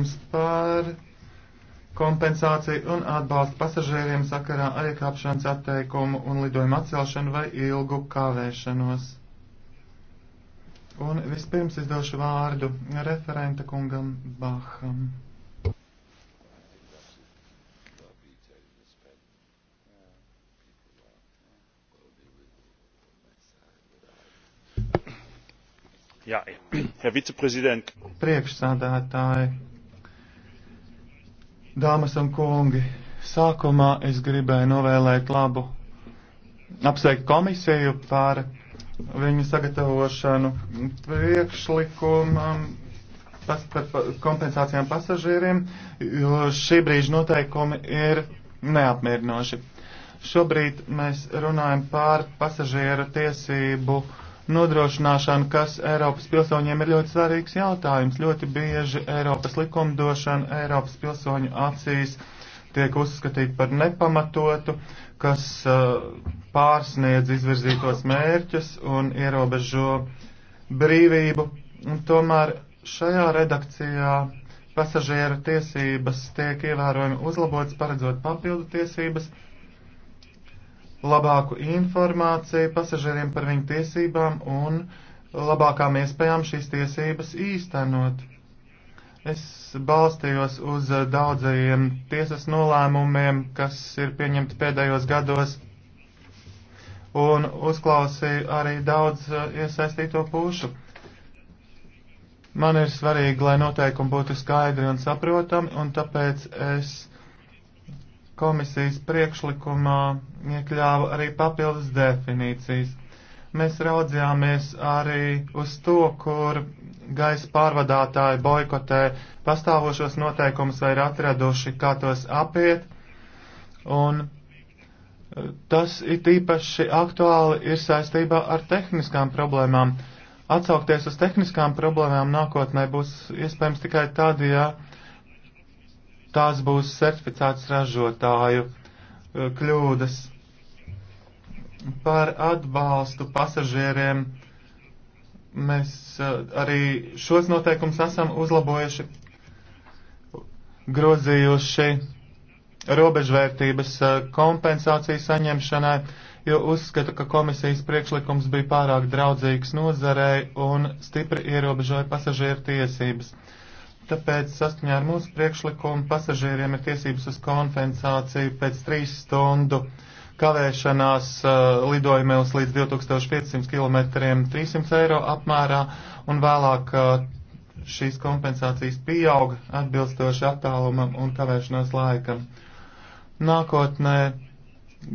Ziņojums par kompensāciju un atbalstu pasažieriem sakarā ar iekāpšanas atteikumu un lidojumu atcelšanu vai ilgu kavēšanos. Un vispirms es došu vārdu referenta kungam Baham. Jā, Herr Vizepräsident. Priekšsādātāji. Dāmas un kungi, sākumā es gribēju novēlēt labu apsveikt komisiju par viņu sagatavošanu priekšlikumam pas, par kompensācijām pasažieriem, jo šī brīža noteikumi ir neapmierinoši. Šobrīd mēs runājam par pasažieru tiesību nodrošināšana, kas Eiropas pilsoņiem ir ļoti svarīgs jautājums. Ļoti bieži Eiropas likumdošana Eiropas pilsoņu acīs tiek uzskatīta par nepamatotu, kas uh, pārsniedz izvirzītos mērķus un ierobežo brīvību. Un tomēr šajā redakcijā pasažieru tiesības tiek ievērojami uzlabotas, paredzot papildu tiesības labāku informāciju pasažieriem par viņu tiesībām un labākām iespējām šīs tiesības īstenot. Es balstījos uz daudzajiem tiesas nolēmumiem, kas ir pieņemti pēdējos gados, un uzklausīju arī daudz uh, iesaistīto pušu. Man ir svarīgi, lai noteikumi būtu skaidri un saprotami, un tāpēc es Komisijas priekšlikumā iekļāva arī papildus definīcijas. Mēs raudzījāmies arī uz to, kur gaisa pārvadātāji boikotē pastāvošos noteikumus vai ir atraduši, kā tos apiet. Un e, Tas it īpaši aktuāli ir saistībā ar tehniskām problēmām. Atsaukties uz tehniskām problēmām nākotnē būs iespējams tikai tad, ja tās būs certificētas ražotāju eh, kļūdas par atbalstu pasažieriem. Mēs eh, arī šos noteikumus esam uzlabojuši, grozījuši robežvērtības eh, kompensāciju saņemšanai, jo uzskatu, ka komisijas priekšlikums bija pārāk draudzīgs nozarei un stipri ierobežoja pasažieru tiesības. Tāpēc saskaņā ar mūsu priekšlikumu pasažieriem ir tiesības uz kompensāciju pēc trīs stundu kavēšanās uh, lidojumos līdz 2500 km 300 eiro apmērā un vēlāk uh, šīs kompensācijas pieauga atbilstoši attālumam un kavēšanās laikam. Nākotnē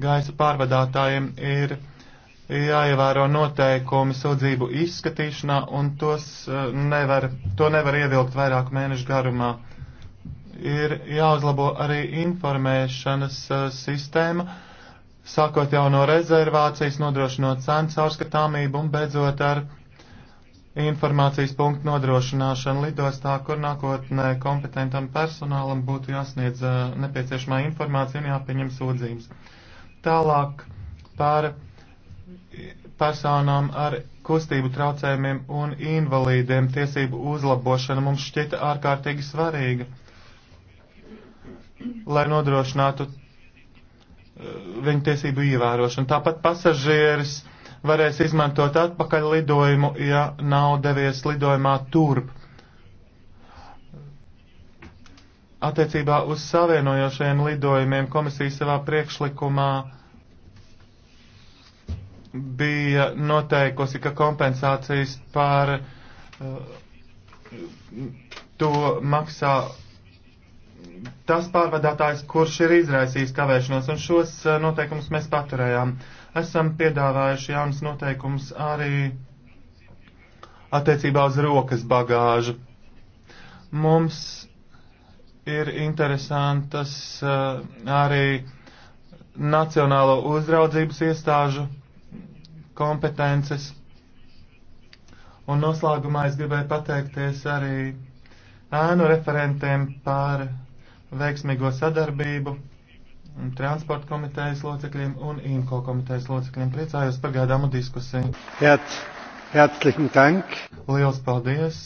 gaisa pārvadātājiem ir jāievēro noteikumi sūdzību izskatīšanā, un tos eh, nevar, to nevar ievilkt vairāku mēnešu garumā. Ir jāuzlabo arī informēšanas eh, sistēma, sākot jau no rezervācijas, nodrošinot cenu caurskatāmību un beidzot ar informācijas punktu nodrošināšanu lidostā, kur nākotnē kompetentam personālam būtu jāsniedz eh, nepieciešamā informācija un jāpieņem sūdzības. Tālāk par personām ar kustību traucējumiem un invalīdiem tiesību uzlabošana mums šķita ārkārtīgi svarīga, lai nodrošinātu eh, viņu tiesību ievērošanu. Tāpat pasažieris varēs izmantot atpakaļ lidojumu, ja nav devies lidojumā turp. Attiecībā uz savienojošajiem lidojumiem komisija savā priekšlikumā bija noteikusi, ka kompensācijas par uh, to maksā tas pārvadātājs, kurš ir izraisījis kavēšanos, un šos uh, noteikumus mēs paturējām. Esam piedāvājuši jaunas noteikumus arī attiecībā uz rokas bagāžu. Mums ir interesantas uh, arī nacionālo uzraudzības iestāžu kompetences. Un noslēgumā es gribēju pateikties arī ēnu referentiem par veiksmīgo sadarbību, transporta komitejas locekļiem un IMCO komitejas locekļiem. Priecājos par gaidāmu diskusiju. Herz, herzlichen Dank. Liels paldies.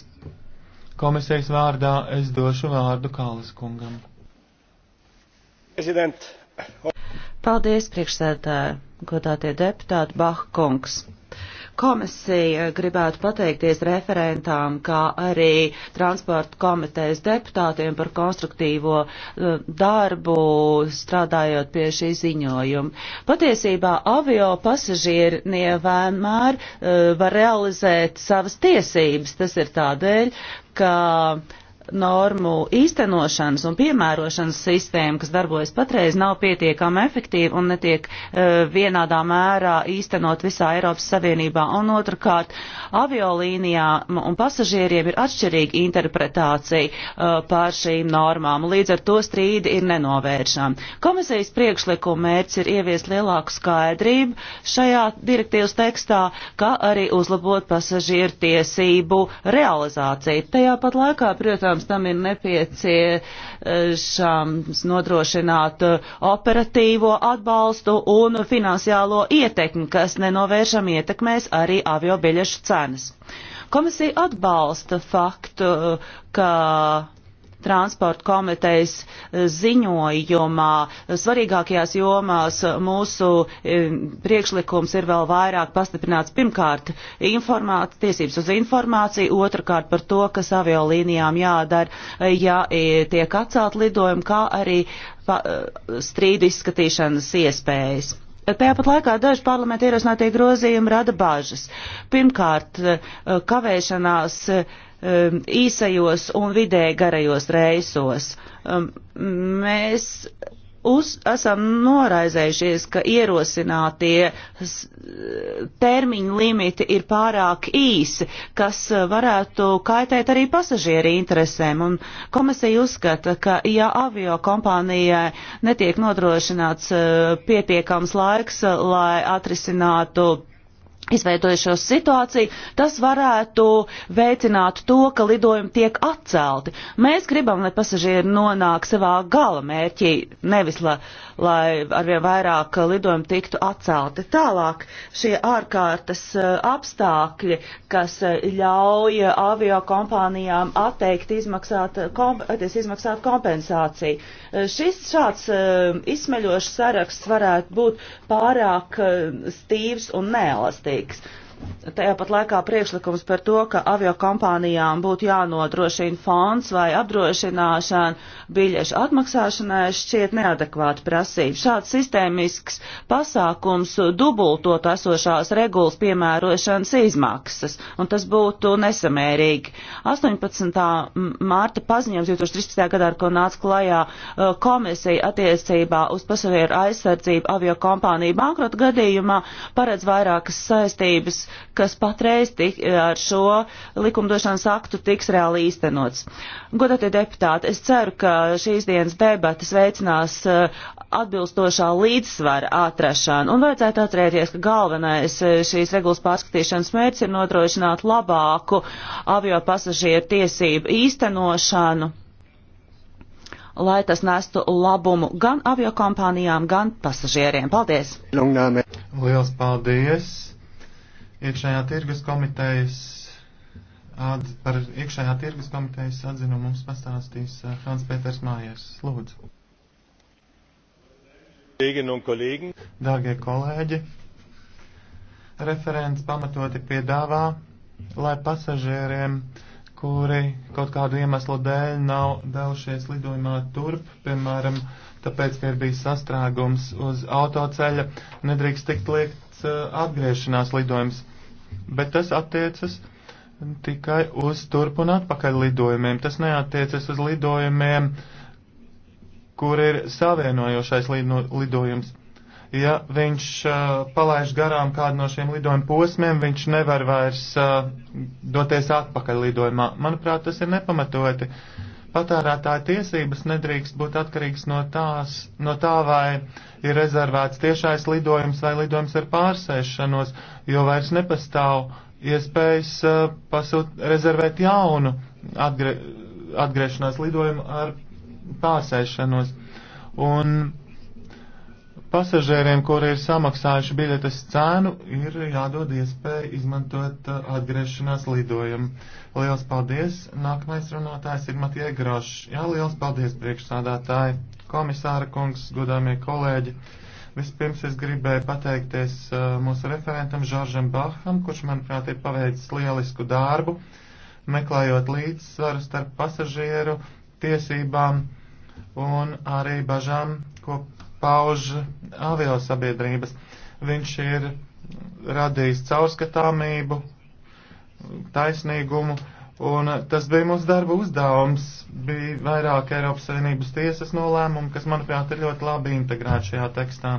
Komisijas vārdā es došu vārdu Kālis kungam. President. Paldies, priekšsēdētāji, godātie deputāti Bahkungs. Komisija gribētu pateikties referentām, kā arī transporta komitejas deputātiem par konstruktīvo eh, darbu strādājot pie šī ziņojuma. Patiesībā avio pasažieri nevienmēr uh, eh, var realizēt savas tiesības. Tas ir tādēļ, ka uh, normu īstenošanas un piemērošanas sistēma, kas darbojas patreiz, nav pietiekama efektīva un netiek uh, vienādā mērā īstenot visā Eiropas Savienībā. Un otrkārt, aviolīnijām un pasažieriem ir atšķirīga interpretācija uh, pār šīm normām, līdz ar to strīdi ir nenovēršama. Komisijas priekšlikuma mērķis ir ieviest lielāku skaidrību šajā direktīvas tekstā, kā arī uzlabot pasažieru tiesību realizāciju. Tajā pat laikā, protams, Protams, tam ir nepieciešams nodrošināt operatīvo atbalstu un finansiālo ietekmi, kas nenovēršam ietekmēs arī avio biļešu cenas. Komisija atbalsta faktu, ka transporta komitejas eh, ziņojumā. Svarīgākajās jomās mūsu eh, priekšlikums ir vēl vairāk pastiprināts pirmkārt tiesības uz informāciju, otrkārt par to, kas aviolīnijām jādara, eh, ja tiek atcelt lidojumi, kā arī strīdu izskatīšanas iespējas. Tāpat laikā daži parlamenta ierosinātie grozījumi rada bažas. Pirmkārt, eh, kavēšanās eh, īsajos un vidēji garajos reisos. Mēs uz, esam noraizējušies, ka ierosinātie termiņu limiti ir pārāk īsi, kas eh, varētu kaitēt arī pasažieru interesēm. Un komisija uzskata, ka ja avio kompānijai netiek nodrošināts eh, pietiekams laiks, lai atrisinātu izveidojušos situāciju, tas varētu veicināt to, ka lidojumi tiek atcelti. Mēs gribam, lai pasažieri nonāk savā gala mērķī, nevis la, lai arvien vairāk lidojumi tiktu atcelti. Tālāk šie ārkārtas eh, apstākļi, kas eh, ļauj avio kompānijām atteikt izmaksāt, kom, izmaksāt kompensāciju. Eh, šis šāds eh, izsmeļošs saraksts varētu būt pārāk eh, stīvs un neelastīgs. Tāpat laikā priekšlikums par to, ka aviokompānijām būtu jānodrošina fonds vai apdrošināšana biļešu atmaksāšanai, šķiet neadekvāta prasība. Šāds sistēmisks pasākums dubultot esošās regulas piemērošanas izmaksas, un tas būtu nesamērīgi. 18. mārta paziņojums 2013. gadā, ar ko nāca klajā e, komisija attiecībā uz pasažieru aizsardzību aviokompāniju bankrota gadījumā, paredz vairākas saistības kas patreiz tik, eh, ar šo likumdošanas aktu tiks reāli īstenots. Godātie deputāti, es ceru, ka šīs dienas debatas veicinās eh, atbilstošā līdzsvara atrašanu un vajadzētu atcerēties, ka galvenais eh, šīs regulas pārskatīšanas mērķis ir nodrošināt labāku avio pasažieru tiesību īstenošanu lai tas nestu labumu gan aviokompānijām, gan pasažieriem. Paldies! Liels paldies! iekšējā tirgus komitejas Ad, par iekšējā tirgus komitejas atzinumu mums pastāstīs uh, Hans Pēters Mājers. Lūdzu. Dārgie kolēģi, referents pamatoti piedāvā, lai pasažieriem, kuri kaut kādu iemeslu dēļ nav devušies lidojumā turp, piemēram, tāpēc, ka ir bijis sastrēgums uz autoceļa, nedrīkst tikt liekts uh, atgriešanās lidojums bet tas attiecas tikai uz turp un atpakaļ lidojumiem. Tas neatiecas uz lidojumiem, kur ir savienojošais lidojums. Ja viņš uh, palaiž garām kādu no šiem lidojuma posmiem, viņš nevar vairs uh, doties atpakaļ lidojumā. Manuprāt, tas ir nepamatoti. Uh, Patērētāja tiesības nedrīkst būt atkarīgs no, tās, no tā, vai ir rezervēts tiešais lidojums vai lidojums ar pārsēšanos, jo vairs nepastāv iespējas uh, pasūt, rezervēt jaunu atgrie, atgriešanās lidojumu ar pārsēšanos. Un Pasažieriem, kuri ir samaksājuši biļetes cēnu, ir jādod iespēja izmantot uh, atgriešanās lidojumu. Liels paldies! Nākamais runātājs ir Matija Grošs. Jā, liels paldies priekšsādātāji, komisāra kungs, godāmie kolēģi! Vispirms es gribēju pateikties uh, mūsu referentam Žoržam Baham, kurš, manuprāt, ir paveicis lielisku darbu, meklējot līdzsvaru starp pasažieru tiesībām un arī bažām, ko pauž aviosabiedrības. Viņš ir radījis caurskatāmību, taisnīgumu, un tas bija mūsu darba uzdevums. Bija vairāk Eiropas Savienības tiesas nolēmumu, kas, manuprāt, ir ļoti labi integrēti šajā tekstā.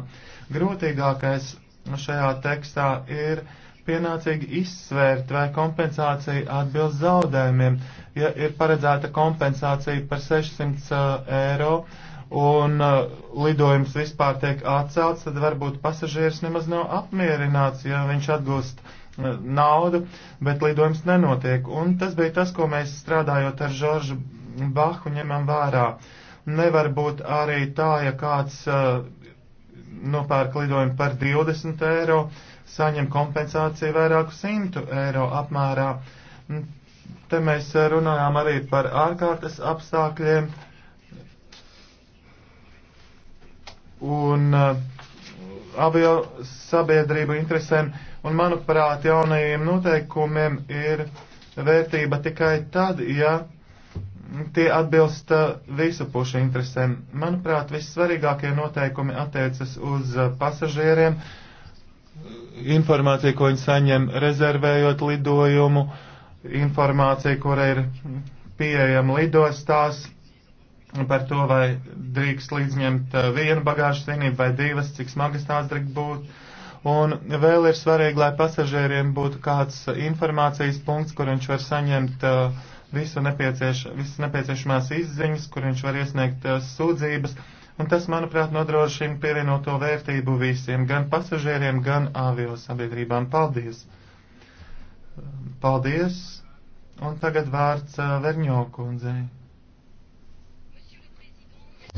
Grūtīgākais šajā tekstā ir pienācīgi izsvērt, vai kompensācija atbilst zaudējumiem. Ja ir paredzēta kompensācija par 600 uh, eiro, uh, un uh, lidojums vispār tiek atcelts, tad varbūt pasažieris nemaz nav apmierināts, ja viņš atgūst uh, naudu, bet lidojums nenotiek. Un tas bija tas, ko mēs strādājot ar Žoržu Bahu ņemam vērā. Nevar būt arī tā, ja kāds uh, nopērk lidojumu par 20 eiro, saņem kompensāciju vairāku simtu eiro apmērā. Te mēs runājām arī par ārkārtas apstākļiem un uh, avio sabiedrību interesēm, un manuprāt, jaunajiem noteikumiem ir vērtība tikai tad, ja tie atbilst uh, visu pušu interesēm. Manuprāt, vissvarīgākie noteikumi attiecas uz uh, pasažieriem, informāciju, ko viņi saņem rezervējot lidojumu, informāciju, kura ir pieejama lidostās, par to, vai drīkst līdzņemt eh, vienu bagāžas vienību vai divas, cik smagas tās drīkst būt. Un vēl ir svarīgi, lai pasažieriem būtu kāds eh, informācijas punkts, kur viņš var saņemt eh, visu nepiecieš, visas nepieciešamās izziņas, kur viņš var iesniegt sūdzības. Un tas, manuprāt, nodrošina pievienoto vērtību visiem, gan pasažieriem, gan avio sabiedrībām. Paldies! Paldies! Un tagad vārds Verņokundzei.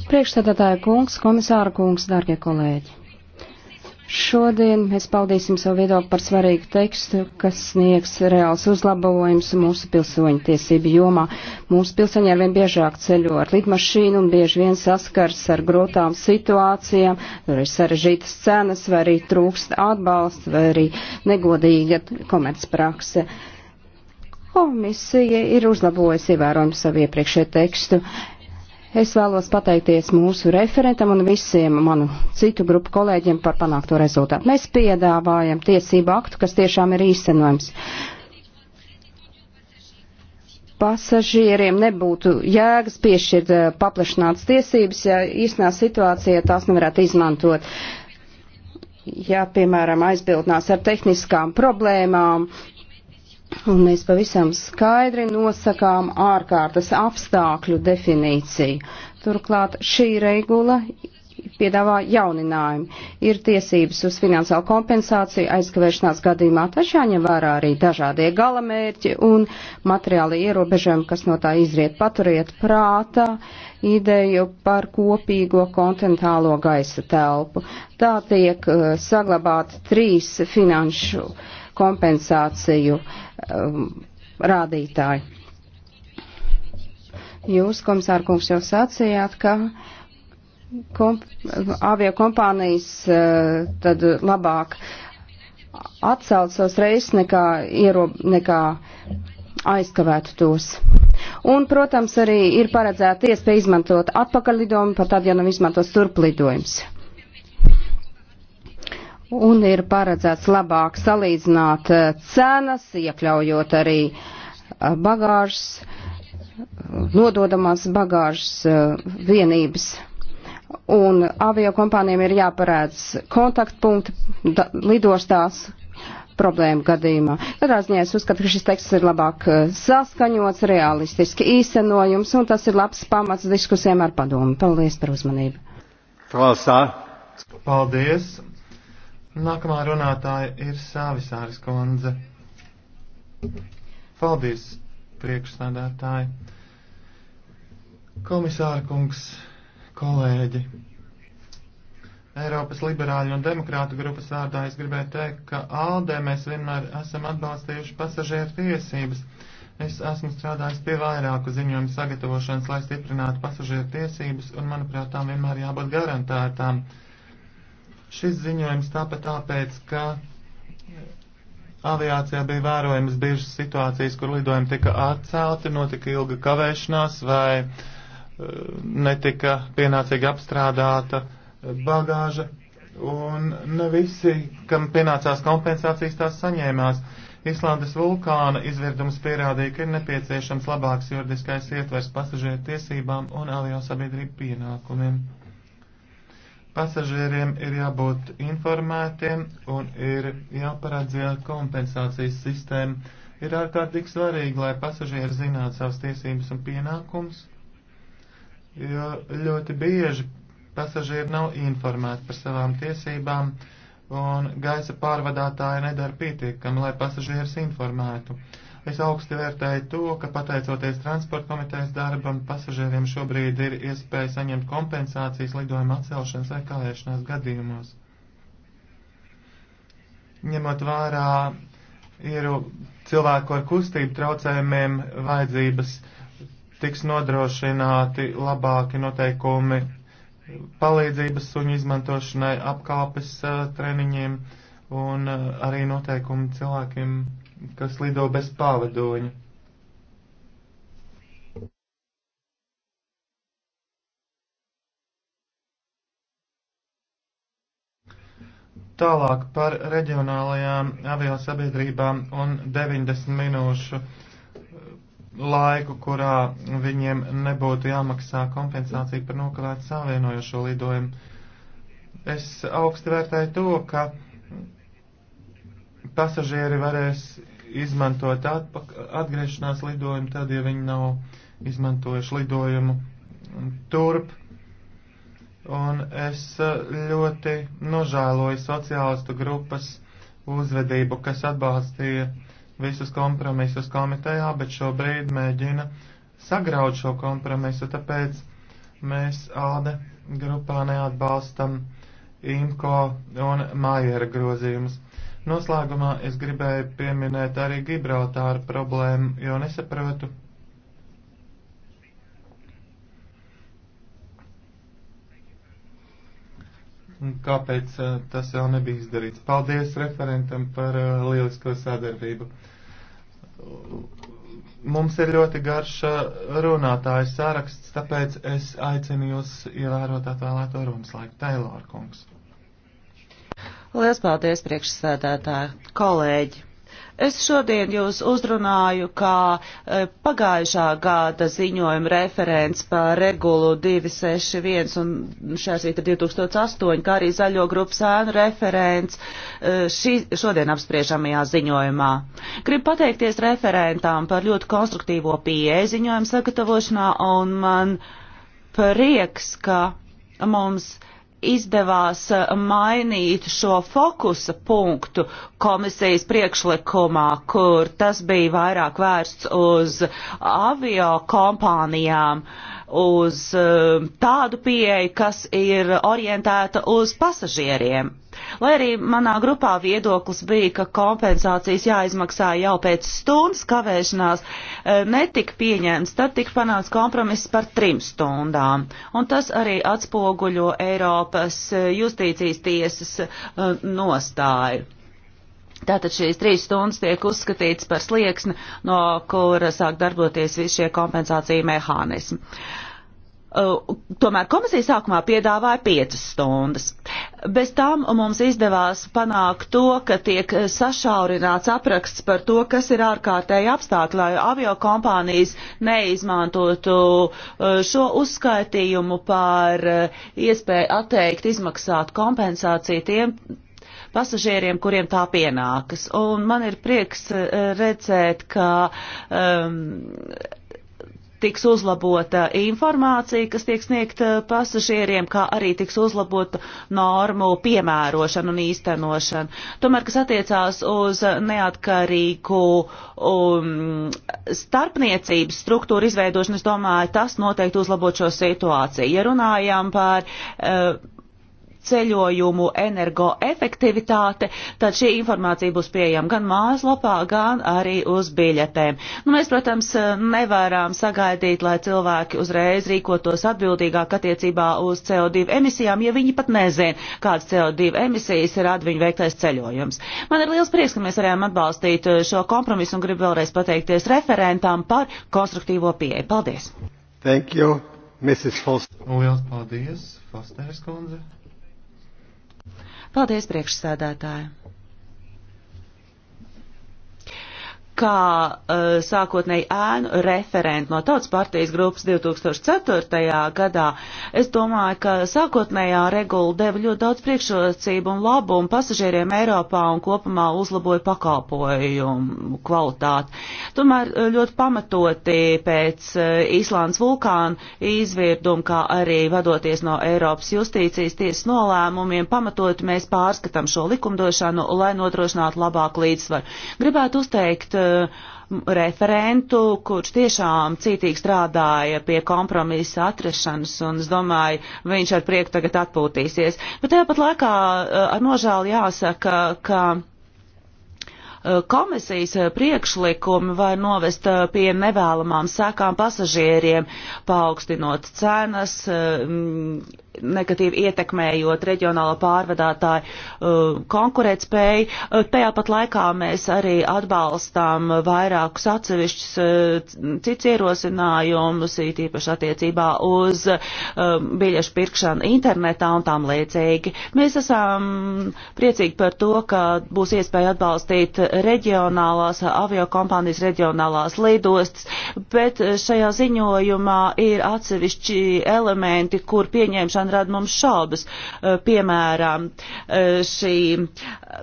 Priekšstādātāja kungs, komisāra kungs, dārgie kolēģi. Šodien mēs paudīsim savu viedokli par svarīgu tekstu, kas sniegs reāls uzlabojums mūsu pilsoņu tiesību jomā. Mūsu pilsoņi arvien biežāk ceļo ar lidmašīnu un bieži vien saskars ar grūtām situācijām, tur ir sarežģītas cenas, vai arī trūkst atbalsta, vai arī negodīga komercprakse. Komisija ir uzlabojusi ievērojumu savu iepriekšēju tekstu. Uh, Es vēlos pateikties mūsu referentam un visiem manu citu grupu kolēģiem par panākto rezultātu. Mēs piedāvājam tiesību aktu, kas tiešām ir īstenojams. Pasažieriem nebūtu jēgas piešķirt eh, paplašināts tiesības, ja īstenā situācijā tās nevarētu izmantot. Ja, piemēram, aizbildnās ar tehniskām problēmām, Un mēs pavisam skaidri nosakām ārkārtas apstākļu definīciju. Turklāt šī regula piedāvā jauninājumu. Ir tiesības uz finansiālu kompensāciju aizkavēšanās gadījumā, taču jāņem vērā arī dažādie galamērķi un materiāli ierobežojumi, kas no tā izriet. Paturiet prātā ideju par kopīgo kontinentālo gaisa telpu. Tā tiek uh, eh, saglabāti trīs finanšu uh, kompensāciju um, rādītāji. Jūs, komisārkungs, jau sacījāt, ka komp avio kompānijas uh, tad labāk atcelt savus reisus nekā, ierob, nekā aizkavētu tos. Un, protams, arī ir paredzēta iespēja izmantot atpakaļlidojumu, pat tad, ja nav izmantots turplidojums un ir paredzēts labāk salīdzināt eh, cenas, iekļaujot arī eh, bagāžas, nododamās bagāžas eh, vienības. Un aviokompānijiem ir jāparēdz kontaktpunkti lidostās problēmu gadījumā. Katrā ziņā es uzskatu, ka šis teksts ir labāk saskaņots, realistiski īstenojums, un tas ir labs pamats diskusijām ar padomu. Paldies par uzmanību. Klausā. Paldies. Nākamā runātāja ir Sāvisāras kundze. Paldies, priekšsādātāji. Komisāra kungs, kolēģi. Eiropas liberāļu un demokrātu grupas vārdā es gribēju teikt, ka ALDE mēs vienmēr esam atbalstījuši pasažieru tiesības. Es esmu strādājis pie vairāku ziņojumu sagatavošanas, lai stiprinātu pasažieru tiesības, un manuprāt, tām vienmēr jābūt garantētām. Tā Šis ziņojums tāpat tāpēc, ka aviācijā bija vērojamas biežas situācijas, kur lidojumi tika atcelti, notika ilga kavēšanās vai eh, netika pienācīgi apstrādāta eh, bagāža, un ne visi, kam pienācās kompensācijas, tās saņēmās. Islandes vulkāna izvirdums pierādīja, ka ir nepieciešams labāks juridiskais ietvers pasažieru tiesībām un aviosabiedrību pienākumiem pasažieriem ir jābūt informētiem un ir jāparādz kompensācijas sistēma. Ir ārkārtīgi svarīgi, lai pasažieri zinātu savas tiesības un pienākums, jo ļoti bieži pasažieri nav informēti par savām tiesībām un gaisa pārvadātāji nedara pietiekami, lai pasažierus informētu. Uh, Es augsti vērtēju to, ka pateicoties transporta komitejas darbam, pasažieriem šobrīd ir iespēja saņemt kompensācijas lidojuma atcelšanas vai kavēšanās gadījumos. Ņemot vērā ir cilvēku ar kustību traucējumiem vajadzības, tiks nodrošināti labāki noteikumi palīdzības suņu izmantošanai, apkalpes eh, treniņiem un eh, arī noteikumi cilvēkiem kas lido bez pavadoņa. Tālāk par reģionālajām aviosabiedrībām un 90 minūšu laiku, kurā viņiem nebūtu jāmaksā kompensācija par nokavētu savienojošo lidojumu. Es augstu vērtēju to, ka pasažieri varēs izmantot atgriešanās lidojumu, tad, ja viņi nav izmantojuši lidojumu turp. Un es e, ļoti nožēloju sociālistu grupas uzvedību, kas atbalstīja visus kompromisus komitejā, bet šobrīd mēģina sagraut šo kompromisu, tāpēc mēs ALDE grupā neatbalstam IMCO un Maiera grozījumus. Noslēgumā es gribēju pieminēt arī Gibraltāru problēmu, jo nesaprotu. Kāpēc eh, tas vēl nebija izdarīts? Paldies referentam par eh, lielisko sadarbību mums ir ļoti garš eh, runātāju sāraksts, tāpēc es aicinu jūs ievērot atvēlēto runas laiku. Tailor kungs. Lielas paldies, priekšsēdētāji, kolēģi! Es šodien jūs uzrunāju kā e, pagājušā gada ziņojuma referents par regulu 261 un šās vīta 2008, kā arī zaļo grupas ēnu referents e, šī, šodien apspriežamajā ziņojumā. Gribu pateikties referentām par ļoti konstruktīvo pieeja ziņojuma sagatavošanā un man prieks, ka mums izdevās eh, mainīt šo fokusa punktu komisijas priekšlikumā, kur tas bija vairāk vērsts uz avio kompānijām, uz eh, tādu pieeju, kas ir orientēta uz pasažieriem. Lai arī manā grupā viedoklis bija, ka kompensācijas jāizmaksā jau pēc stundas kavēšanās, e, netika pieņemts, tad tika panāts kompromiss par trim stundām. Un tas arī atspoguļo Eiropas e, justīcijas tiesas e, nostāju. Tātad šīs trīs stundas tiek uzskatītas par slieksni, no kura sāk darboties visi šie kompensācija mehānismi. Uh, Uh, tomēr komisija sākumā piedāvāja 5 stundas. Bez tam mums izdevās panākt to, ka tiek sašaurināts apraksts par to, kas ir ārkārtēji apstākļi, lai avio kompānijas neizmantotu uh, šo uzskaitījumu par uh, iespēju atteikt izmaksāt kompensāciju tiem pasažieriem, kuriem tā pienākas. Un man ir prieks redzēt, ka um, tiks uzlabota informācija, kas tiek sniegta uh, pasažieriem, kā arī tiks uzlabota normu piemērošana un īstenošana. Tomēr, kas attiecās uz neatkarīgu um, starpniecības struktūru izveidošanu, es domāju, tas noteikti uzlabot šo situāciju. Ja runājām par uh, ceļojumu energoefektivitāte, tad šī informācija būs pieejama gan mājaslapā, gan arī uz biļetēm. Nu, mēs, protams, nevaram sagaidīt, lai cilvēki uzreiz rīkotos atbildīgāk attiecībā uz CO2 emisijām, ja viņi pat nezina, kādas CO2 emisijas ir atviņu veiktais ceļojums. Man ir liels prieks, ka mēs varējām atbalstīt šo kompromisu un gribu vēlreiz pateikties referentām par konstruktīvo pieeju. Paldies! Thank you, Mrs. Foster. Liels paldies, Fosteres kundze. Paldies, priekšsēdētāji! kā uh, sākotnēji ēnu referenti no Tautas partijas grupas 2004. gadā, es domāju, ka sākotnējā regula deva ļoti daudz priekšrocību un labumu pasažieriem Eiropā un kopumā uzlaboja pakalpojumu kvalitāti. Tomēr eh, ļoti pamatoti pēc uh, Īslandes vulkāna izvirduma, kā arī vadoties no Eiropas justīcijas tiesas nolēmumiem, pamatoti mēs pārskatām šo likumdošanu, lai nodrošinātu labāku līdzsvaru. Gribētu uzteikt Eh, referentu, kurš tiešām cītīgi strādāja pie kompromisa atrašanas, un es domāju, viņš ar prieku tagad atpūtīsies. Bet tāpat laikā eh, ar nožēlu jāsaka, ka eh, komisijas priekšlikumi var novest pie nevēlamām sekām pasažieriem, paaugstinot cenas, negatīvi ietekmējot reģionālo pārvadātāju uh, konkurētspēju. Uh, tajā pat laikā mēs arī atbalstām vairākus atsevišķus uh, cits ierosinājumus, it īpaši attiecībā uz um, biļešu pirkšanu internetā un tam līdzīgi. Mēs esam priecīgi par to, ka būs iespēja atbalstīt reģionālās aviokompānijas, reģionālās lidostas, bet šajā ziņojumā ir atsevišķi elementi, kur pieņemšana izmantošana rada mums šaubas. Eh, piemēram, eh, šī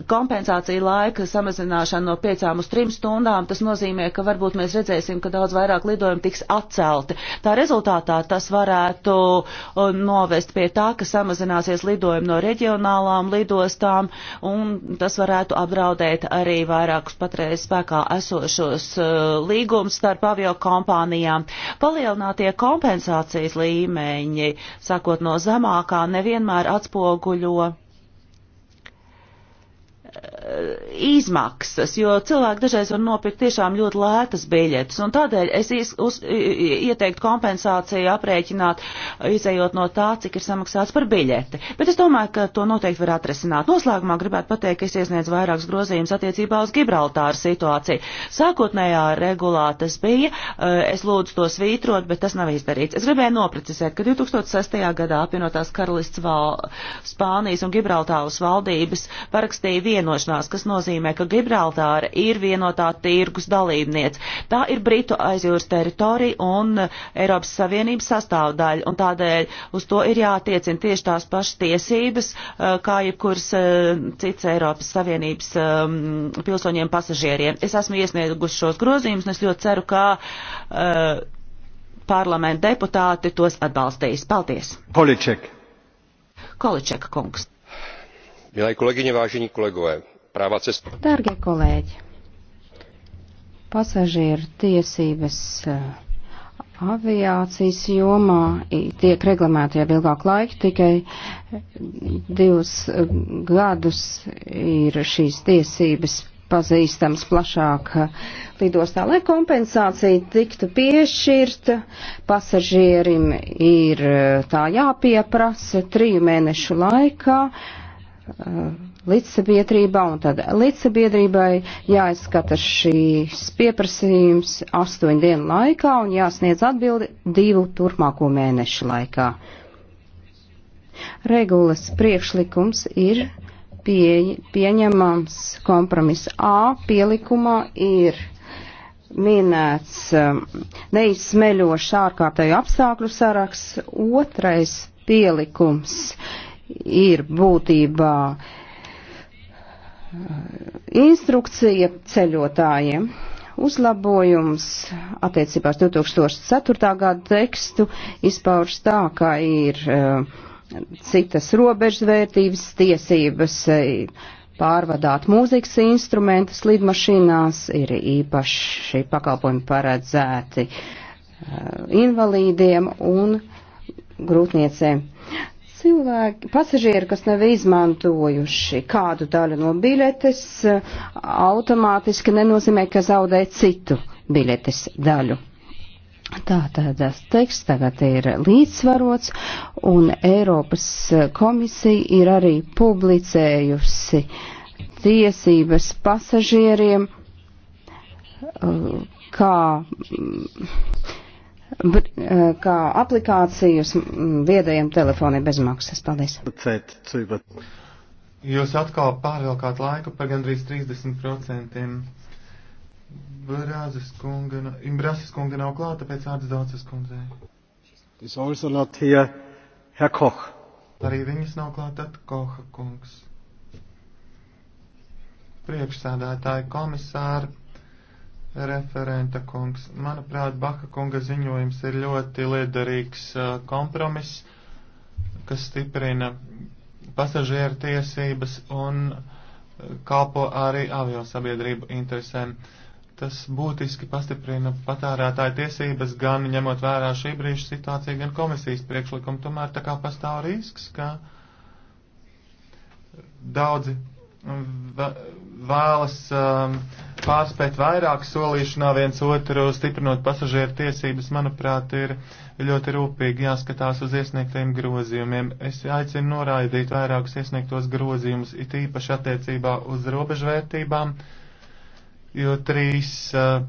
kompensācija laika samazināšana no piecām uz trim stundām, tas nozīmē, ka varbūt mēs redzēsim, ka daudz vairāk lidojumu tiks atcelti. Tā rezultātā tas varētu eh, novest pie tā, ka samazināsies lidojumi no reģionālām lidostām, un tas varētu apdraudēt arī vairākus patreiz spēkā esošos līgumus starp avio kompānijām. Palielinātie kompensācijas līmeņi, sākot no zemākā nevienmēr atspoguļo izmaksas, jo cilvēki dažreiz var nopirkt tiešām ļoti lētas biļetes, un tādēļ es iz, uz, ieteiktu kompensāciju aprēķināt, izējot no tā, cik ir samaksāts par biļeti. Bet es domāju, ka to noteikti var atrisināt. Noslēgumā gribētu pateikt, ka es iesniedzu vairākus grozījumus attiecībā uz Gibraltāru situāciju. Sākotnējā regulā tas bija, eh, es lūdzu to svītrot, bet tas nav izdarīts. Es gribēju noprecizēt, ka 2006. gadā apvienotās karalists val, Spānijas un Gibraltāras valdības parakstīja vienu vienošanās, kas nozīmē, ka Gibraltāra ir vienotā tirgus dalībniece. Tā ir Britu aizjūras teritorija un Eiropas Savienības sastāvdaļa, un tādēļ uz to ir jātiecina tieši tās pašas tiesības, eh, kā jebkuras eh, cits Eiropas Savienības ehm, pilsoņiem pasažieriem. Es esmu iesniegusi šos grozījumus, un es ļoti ceru, ka uh, parlamenta deputāti tos atbalstīs. Paldies! Poliček. Količeka kungs. Milé kolegyne, vážení kolegové, práva cestu. Dārgie kolēģi, pasažieru tiesības eh, aviācijas jomā tiek reglamentēta jau ilgāk laika, tikai divus eh, gadus ir šīs tiesības pazīstams plašāk eh, lidostā, lai kompensācija tiktu piešķirta. Pasažierim ir tā jāpieprasa triju mēnešu laikā Uh, līdzsabiedrībā, un tad līdzsabiedrībai jāizskata šīs pieprasījums astoņu dienu laikā un jāsniedz atbildi divu turpmāko mēnešu laikā. Regulas priekšlikums ir pie, pieņemams kompromiss A pielikumā ir minēts um, neizsmeļošs ārkārtēju apstākļu saraksts, otrais pielikums ir būtībā eh, instrukcija ceļotājiem. Uzlabojums attiecībās 2004. gada tekstu izpaužas tā, ka ir eh, citas robežvērtības, tiesības eh, pārvadāt mūzikas instrumentus lidmašīnās, ir īpaši pakalpojumi paredzēti invalīdiem un grūtniecēm. Cilvēki, pasažieri, kas nav izmantojuši kādu daļu no biļetes, automātiski nenozīmē, ka zaudē citu biļetes daļu. Tā tad teksts tagad ir līdzsvarots, un Eiropas komisija ir arī publicējusi tiesības pasažieriem, uh, kā Uh, kā aplikācijas viedajiem telefoniem bez maksas. Paldies. Jūs atkal pārvilkāt laiku par gandrīz 30%. Brāzes kunga, Imbrāzes kunga nav klāta, tāpēc vārds daudzas kundzei. Is also not here, Herr Koch. Arī viņas nav klāta, tad Koha kungs. Priekšsādātāji komisāri referenta kungs. Manuprāt, Baka kunga ziņojums ir ļoti liederīgs uh, kompromiss, kas stiprina pasažieru tiesības un uh, kalpo arī aviosabiedrību interesēm. Tas būtiski pastiprina patērētāju tiesības, gan ņemot vērā šī brīža situāciju, gan komisijas priekšlikumu. Tomēr tā kā pastāv risks, ka daudzi vēlas um, pārspēt vairāk solīšanā viens otru, stiprinot pasažieru tiesības, manuprāt, ir ļoti rūpīgi jāskatās uz iesniegtajiem grozījumiem. Es aicinu noraidīt vairākus iesniegtos grozījumus, it īpaši attiecībā uz robežvērtībām, jo trīs uh,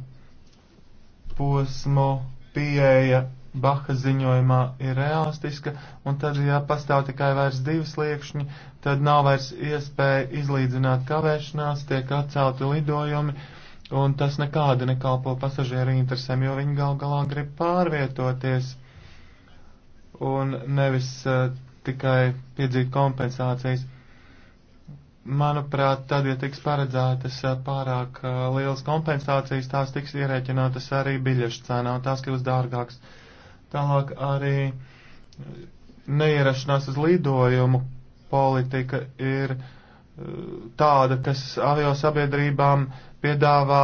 posmu pieeja Baha ziņojumā ir realistiska, un tad, ja pastāv tikai vairs divi sliekšņi, tad nav vairs iespēja izlīdzināt kavēšanās, tiek atcelti lidojumi, un tas nekādi nekalpo pasažieru interesēm, jo viņi gal galā grib pārvietoties un nevis uh, tikai piedzīt kompensācijas. Manuprāt, tad, ja tiks paredzētas uh, pārāk uh, lielas kompensācijas, tās tiks ierēķinātas arī biļešu cenā, un tās kļūs dārgāks. Tālāk arī neierašanās uz lidojumu politika ir eh, tāda, kas avio sabiedrībām piedāvā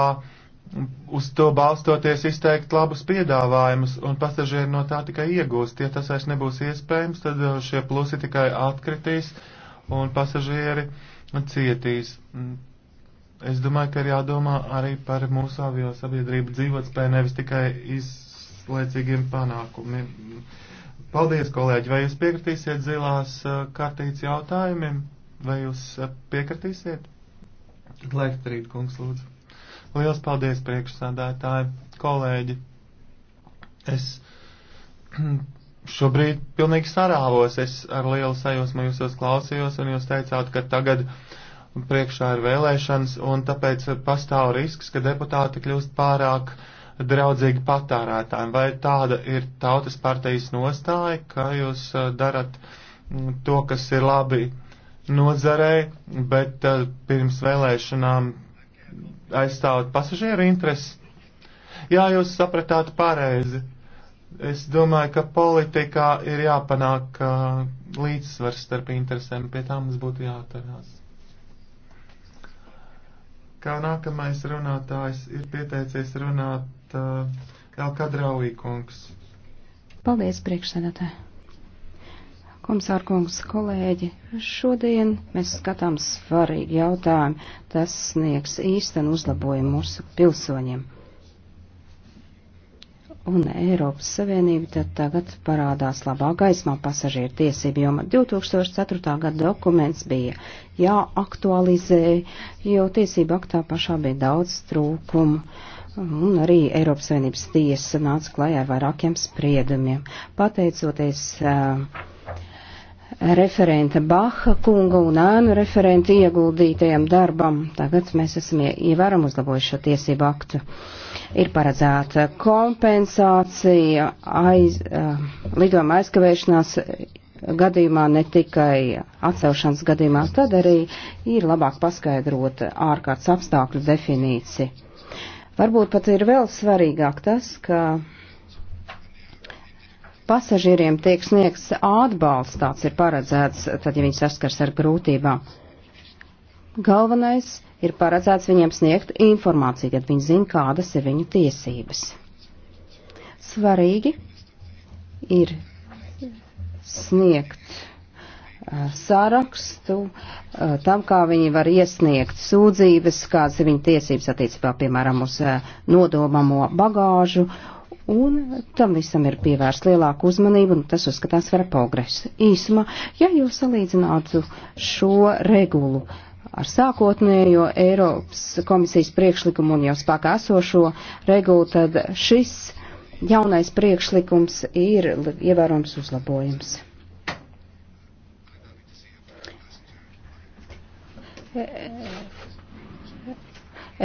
uz to balstoties izteikt labus piedāvājumus, un pasažieri no tā tikai iegūst. Ja tas vairs nebūs iespējams, tad eh, šie plusi tikai atkritīs, un pasažieri cietīs. Mm. Es domāju, ka ir jādomā arī par mūsu avio sabiedrību dzīvotspēju, nevis tikai izslēdzīgiem panākumiem. Paldies, kolēģi! Vai jūs piekritīsiet zilās kartītes jautājumiem? Vai jūs piekritīsiet? Lehterīt, kungs, lūdzu. Liels paldies, priekšsādātāji, kolēģi! Es šobrīd pilnīgi sarāvos. Es ar lielu sajūsmu jūsos klausījos, un jūs teicāt, ka tagad priekšā ir vēlēšanas, un tāpēc pastāv risks, ka deputāti kļūst pārāk uh, draudzīgi patārētājiem. Vai tāda ir tautas partijas nostāja, ka jūs uh, darat mm, to, kas ir labi nodzarē, bet uh, pirms vēlēšanām aizstāvat pasažieru intereses? Jā, jūs sapratāt pareizi. Es domāju, ka politikā ir jāpanāk uh, līdzsvars starp interesēm, pie tā mums būtu jāatcerās. Kā nākamais runātājs ir pieteicies runāt uh, eh, Elka Draulīkungs. Paldies, priekšsēdētāji. Komisārkungs, kolēģi, šodien mēs skatām svarīgi jautājumi. Tas sniegs īstenu uzlabojumu mūsu pilsoņiem. Un Eiropas Savienība tad tagad parādās labā gaismā pasažieru tiesību, jo 2004. gada dokuments bija jāaktualizē, jo tiesību aktā pašā bija daudz trūkumu Un arī Eiropas Savienības tiesa nāca klajā ar vairākiem spriedumiem. Pateicoties uh, referenta Baha kunga un ēnu referenta ieguldītajam darbam, tagad mēs esam ievēram uzlabojuši šo tiesību aktu. Ir paredzēta kompensācija aiz, uh, lidojuma aizkavēšanās gadījumā, ne tikai atcelšanas gadījumā, tad arī ir labāk paskaidrota ārkārtas apstākļu definīcija Varbūt pat ir vēl svarīgāk tas, ka pasažieriem tiek sniegts atbalsts, tāds ir paredzēts, tad, ja viņi saskars ar grūtībām. Galvenais ir paredzēts viņiem sniegt informāciju, kad viņi zina, kādas ir viņu tiesības. Svarīgi ir sniegt Uh, sārakstu uh, tam, kā viņi var iesniegt sūdzības, kādas ir viņa tiesības attiecībā, piemēram, uz uh, nodomamo bagāžu. Un tam visam ir pievērst lielāku uzmanību, un tas uzskatās par progresu. Īsumā, ja jūs salīdzinātu šo regulu ar sākotnējo Eiropas komisijas priekšlikumu un jau spēkā esošo regulu, tad šis jaunais priekšlikums ir ievērojams uzlabojums.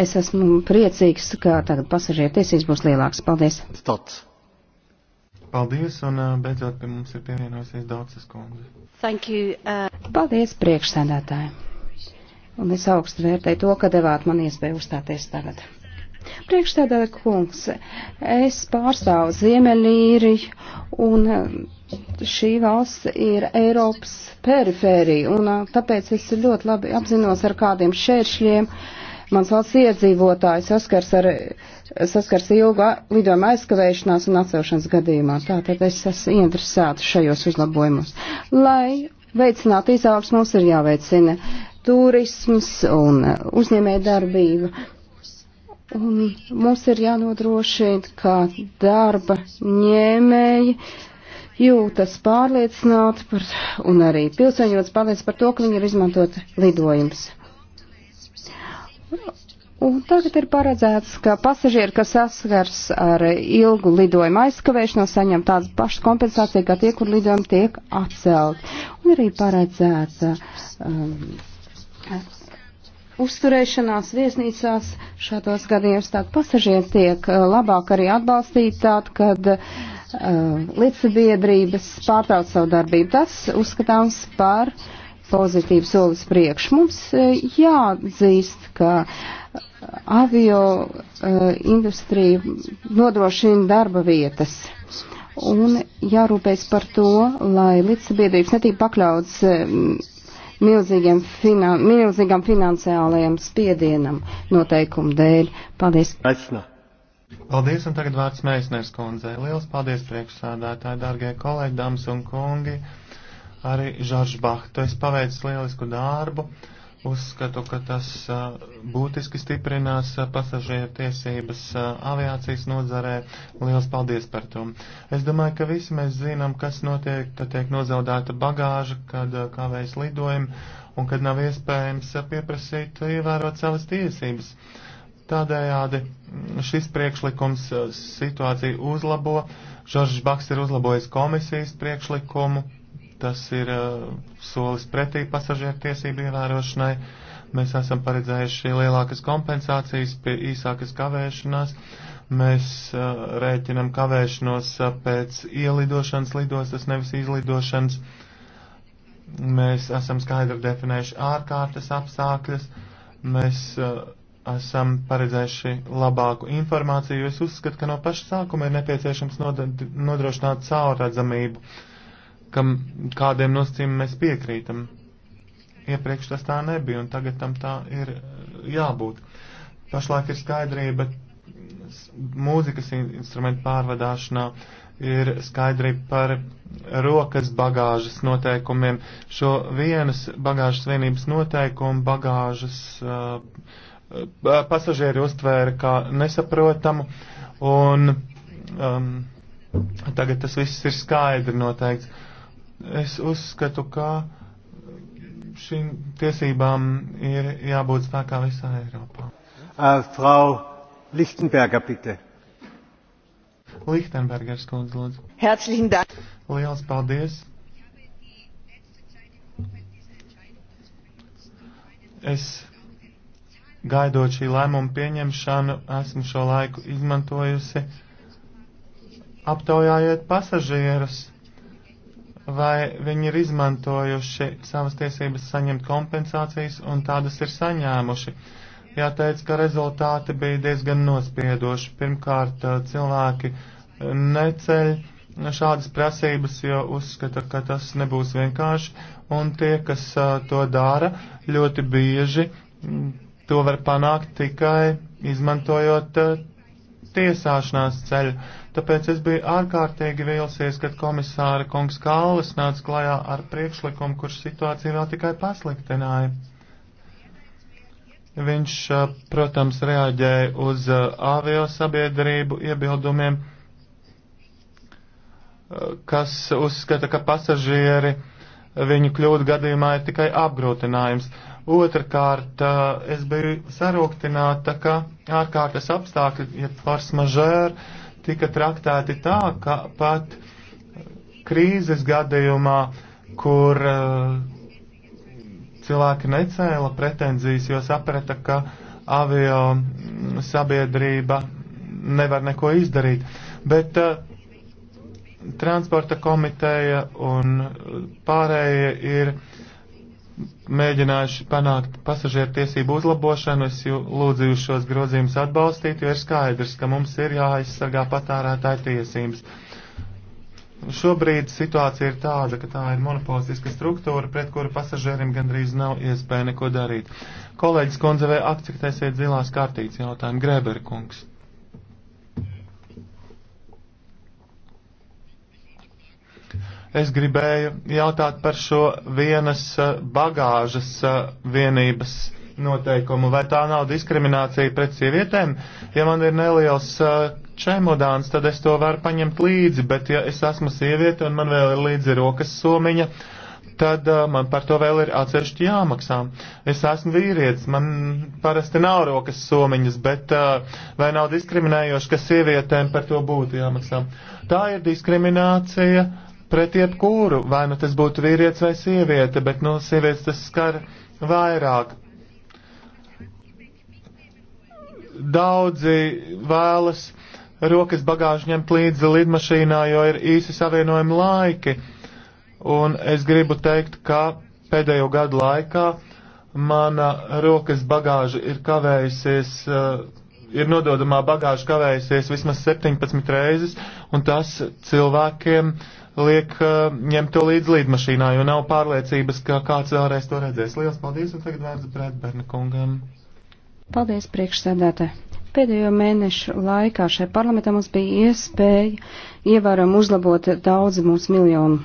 Es esmu priecīgs, ka tagad pasažieru tiesības būs lielākas. Paldies! Stots. Paldies, un beidzot pie mums ir pievienojusies daudzas kundze. Thank you. Uh... Paldies, priekšsēdētāji. Un es augstu vērtēju to, ka devāt man iespēju uzstāties tagad. Priekšstādā kungs, es pārstāvu Ziemeļīriju un eh, šī valsts ir Eiropas perifērija un eh, tāpēc es ļoti labi apzinos ar kādiem šēršļiem. Mans valsts iedzīvotāji saskars ar saskars ilgu lidojumu aizkavēšanās un atcelšanas gadījumā. Tātad es esmu interesēta šajos uzlabojumos. Lai veicinātu izaugsmu, mums ir jāveicina turisms un uzņēmē darbība. Un mums ir jānodrošina, ka darba ņēmēji jūtas pārliecināti par, un arī pilsēņi jūtas pārliecināti par to, ka viņi ir izmantot lidojums. Un tagad ir paredzēts, ka pasažieri, kas saskars ar ilgu lidojumu aizkavēšanos, saņem tādas pašas kompensācijas, kā tie, kur lidojumi tiek atcelt. Un arī paredzēts. Um, uzturēšanās viesnīcās šādos gadījumos tātad pasažieri tiek labāk arī atbalstīti tātad, kad uh, līdzsabiedrības pārtrauc savu darbību. Tas uzskatāms par pozitīvu solis priekš. Mums jāatzīst, ka avio industrija nodrošina darba vietas. Un jārūpēs par to, lai līdzsabiedrības netīk pakļauts milzīgiem finan milzīgam finansiālajiem spiedienam noteikumu dēļ. Paldies! Aicina. Paldies, un tagad vārds Meisners kundzei. Liels paldies priekšsādātāji, dārgie kolēģi, dāmas un kungi. Arī Žaržbach, tu esi paveicis lielisku darbu Uzskatu, ka tas būtiski stiprinās pasažieru tiesības aviācijas nozarē. Lielas paldies par to. Es domāju, ka visi mēs zinām, kas notiek, kad tiek nozaudēta bagāža, kad kavējas lidojumi un kad nav iespējams pieprasīt ievērot savas tiesības. Tādējādi šis priekšlikums situāciju uzlabo. Žoržs Baks ir uzlabojis komisijas priekšlikumu Tas ir uh, solis pretī pasažieru tiesību ievērošanai. Mēs esam paredzējuši lielākas kompensācijas pie īsākas kavēšanās. Mēs uh, rēķinam kavēšanos uh, pēc ielidošanas lidostas, nevis izlidošanas. Mēs esam skaidri definējuši ārkārtas apstākļus. Mēs uh, esam paredzējuši labāku informāciju, jo es uzskatu, ka no paša sākuma ir nepieciešams nodrošināt caurredzamību. Uh, kam kādiem nosacījumiem mēs piekrītam. Iepriekš tas tā nebija, un tagad tam tā ir eh, jābūt. Pašlaik ir skaidrība mūzikas instrumentu pārvadāšanā, ir skaidrība par rokas bagāžas noteikumiem. Šo vienas bagāžas vienības noteikumu bagāžas uh, pasažieri uztvēra kā nesaprotamu, un um, tagad tas viss ir skaidri noteikts. Uh, Es uzskatu, ka šīm tiesībām ir jābūt spēkā visā Eiropā. Uh, Frau Lichtenberger, bitte. Lichtenbergers, kundze, lūdzu. Herzlichen Dank. Liels paldies. Es gaidot šī lēmuma pieņemšanu, esmu šo laiku izmantojusi aptaujājot pasažierus vai viņi ir izmantojuši savas tiesības saņemt kompensācijas un tādas ir saņēmuši. Jāteic, ka rezultāti bija diezgan nospiedoši. Pirmkārt, cilvēki neceļ šādas prasības, jo uzskata, ka tas nebūs vienkārši, un tie, kas to dara, ļoti bieži to var panākt tikai izmantojot tiesāšanās ceļu Tāpēc es biju ārkārtīgi vīlsies, kad komisāra kungs Kalvis nāca klajā ar priekšlikumu, kurš situāciju vēl tikai pasliktināja. Viņš, protams, reaģēja uz avio sabiedrību iebildumiem, kas uzskata, ka pasažieri viņu kļūdu gadījumā ir tikai apgrūtinājums. Otrakārt, es biju sarūktināta, ka ārkārtas apstākļi, ja force majeure, tika traktēti tā, ka pat krīzes gadījumā, kur uh, cilvēki necēla pretenzijas, jo saprata, ka avio sabiedrība nevar neko izdarīt. Bet uh, transporta komiteja un eh, pārējie ir mēģinājuši panākt pasažieru tiesību uzlabošanu. Es lūdzu jūs šos grozījumus atbalstīt, jo ir skaidrs, ka mums ir jāaizsargā patērētāju tiesības. Šobrīd situācija ir tāda, ka tā ir monopolistiska struktūra, pret kuru pasažierim gandrīz nav iespēja neko darīt. Kolēģis Konzevē akceptēsiet zilās kartītes jautājumu Greberkungs. Es gribēju jautāt par šo vienas eh, bagāžas eh, vienības noteikumu. Vai tā nav diskriminācija pret sievietēm? Ja man ir neliels eh, čemodāns, tad es to varu paņemt līdzi, bet ja es esmu sieviete un man vēl ir līdzi rokas somiņa, tad uh, man par to vēl ir atsevišķi jāmaksā. Es esmu vīrietis, man parasti nav rokas somiņas, bet uh, vai nav diskriminējoši, ka sievietēm par to būtu jāmaksā? Tā ir diskriminācija pret jebkuru, vai nu tas būtu vīrietis vai sieviete, bet no nu, sievietes tas skar vairāk. Daudzi vēlas rokas bagāžu ņemt līdzi lidmašīnā, jo ir īsi savienojumi laiki. Un es gribu teikt, ka pēdējo gadu laikā mana rokas bagāža ir kavējusies, eh, ir nododamā bagāža kavējusies vismaz 17 reizes, un tas cilvēkiem uh, liek uh, ņemt to līdz līdmašīnā, jo nav pārliecības, ka kāds vēlreiz to redzēs. Lielas paldies, un tagad vērts Bredberna kungam. Paldies, priekšsēdētāji. Pēdējo mēnešu laikā šai parlamentam mums bija iespēja ievēram uzlabot daudz mūsu miljonu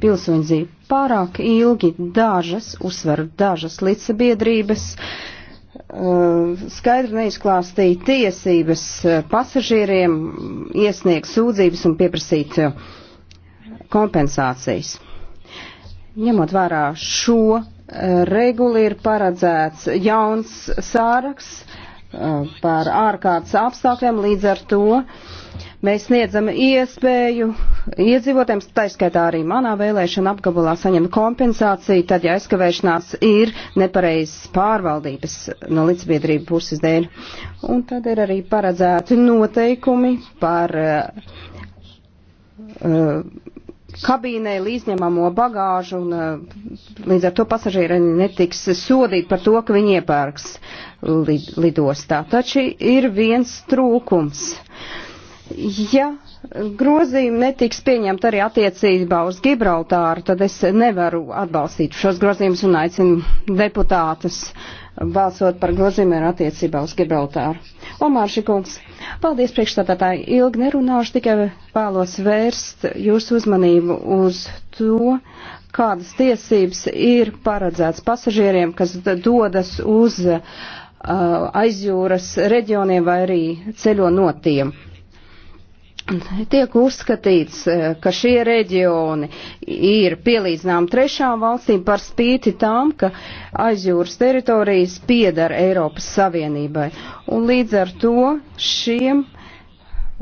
pilsoņu dzīvi. Pārāk ilgi dažas, uzsveru dažas līdzsabiedrības, uh, skaidri neizklāstīja tiesības uh, pasažieriem iesniegt sūdzības un pieprasīt uh, kompensācijas. Ņemot vērā šo eh, regulu ir paredzēts jauns sāraks eh, par ārkārtas apstākļiem, līdz ar to mēs sniedzam iespēju iedzīvotēm, taiskaitā arī manā vēlēšana apgabalā, saņemt kompensāciju, tad, ja aizkavēšanās ir nepareizas pārvaldības no līdzbiedrību puses dēļ. Un tad ir arī paredzēti noteikumi par uh, uh, kabīnē līdzņemamo bagāžu un eh, līdz ar to pasažieri netiks sodīti par to, ka viņi iepērks lidostā. Taču ir viens trūkums. Ja grozījumi netiks pieņemti arī attiecībā uz Gibraltāru, tad es nevaru atbalstīt šos grozījumus un aicinu deputātus balsot par grozījumiem attiecībā uz Gibraltāru. Omārši kungs, paldies priekšstādātāji, ilgi nerunāšu, tikai vēlos vērst jūsu uzmanību uz to, kādas tiesības ir paredzēts pasažieriem, kas dodas uz uh, aizjūras reģioniem vai arī ceļo no tiem. Tiek uzskatīts, eh, ka šie reģioni ir pielīdzinām trešām valstīm par spīti tām, ka aizjūras teritorijas piedara Eiropas Savienībai. Un līdz ar to šiem eh,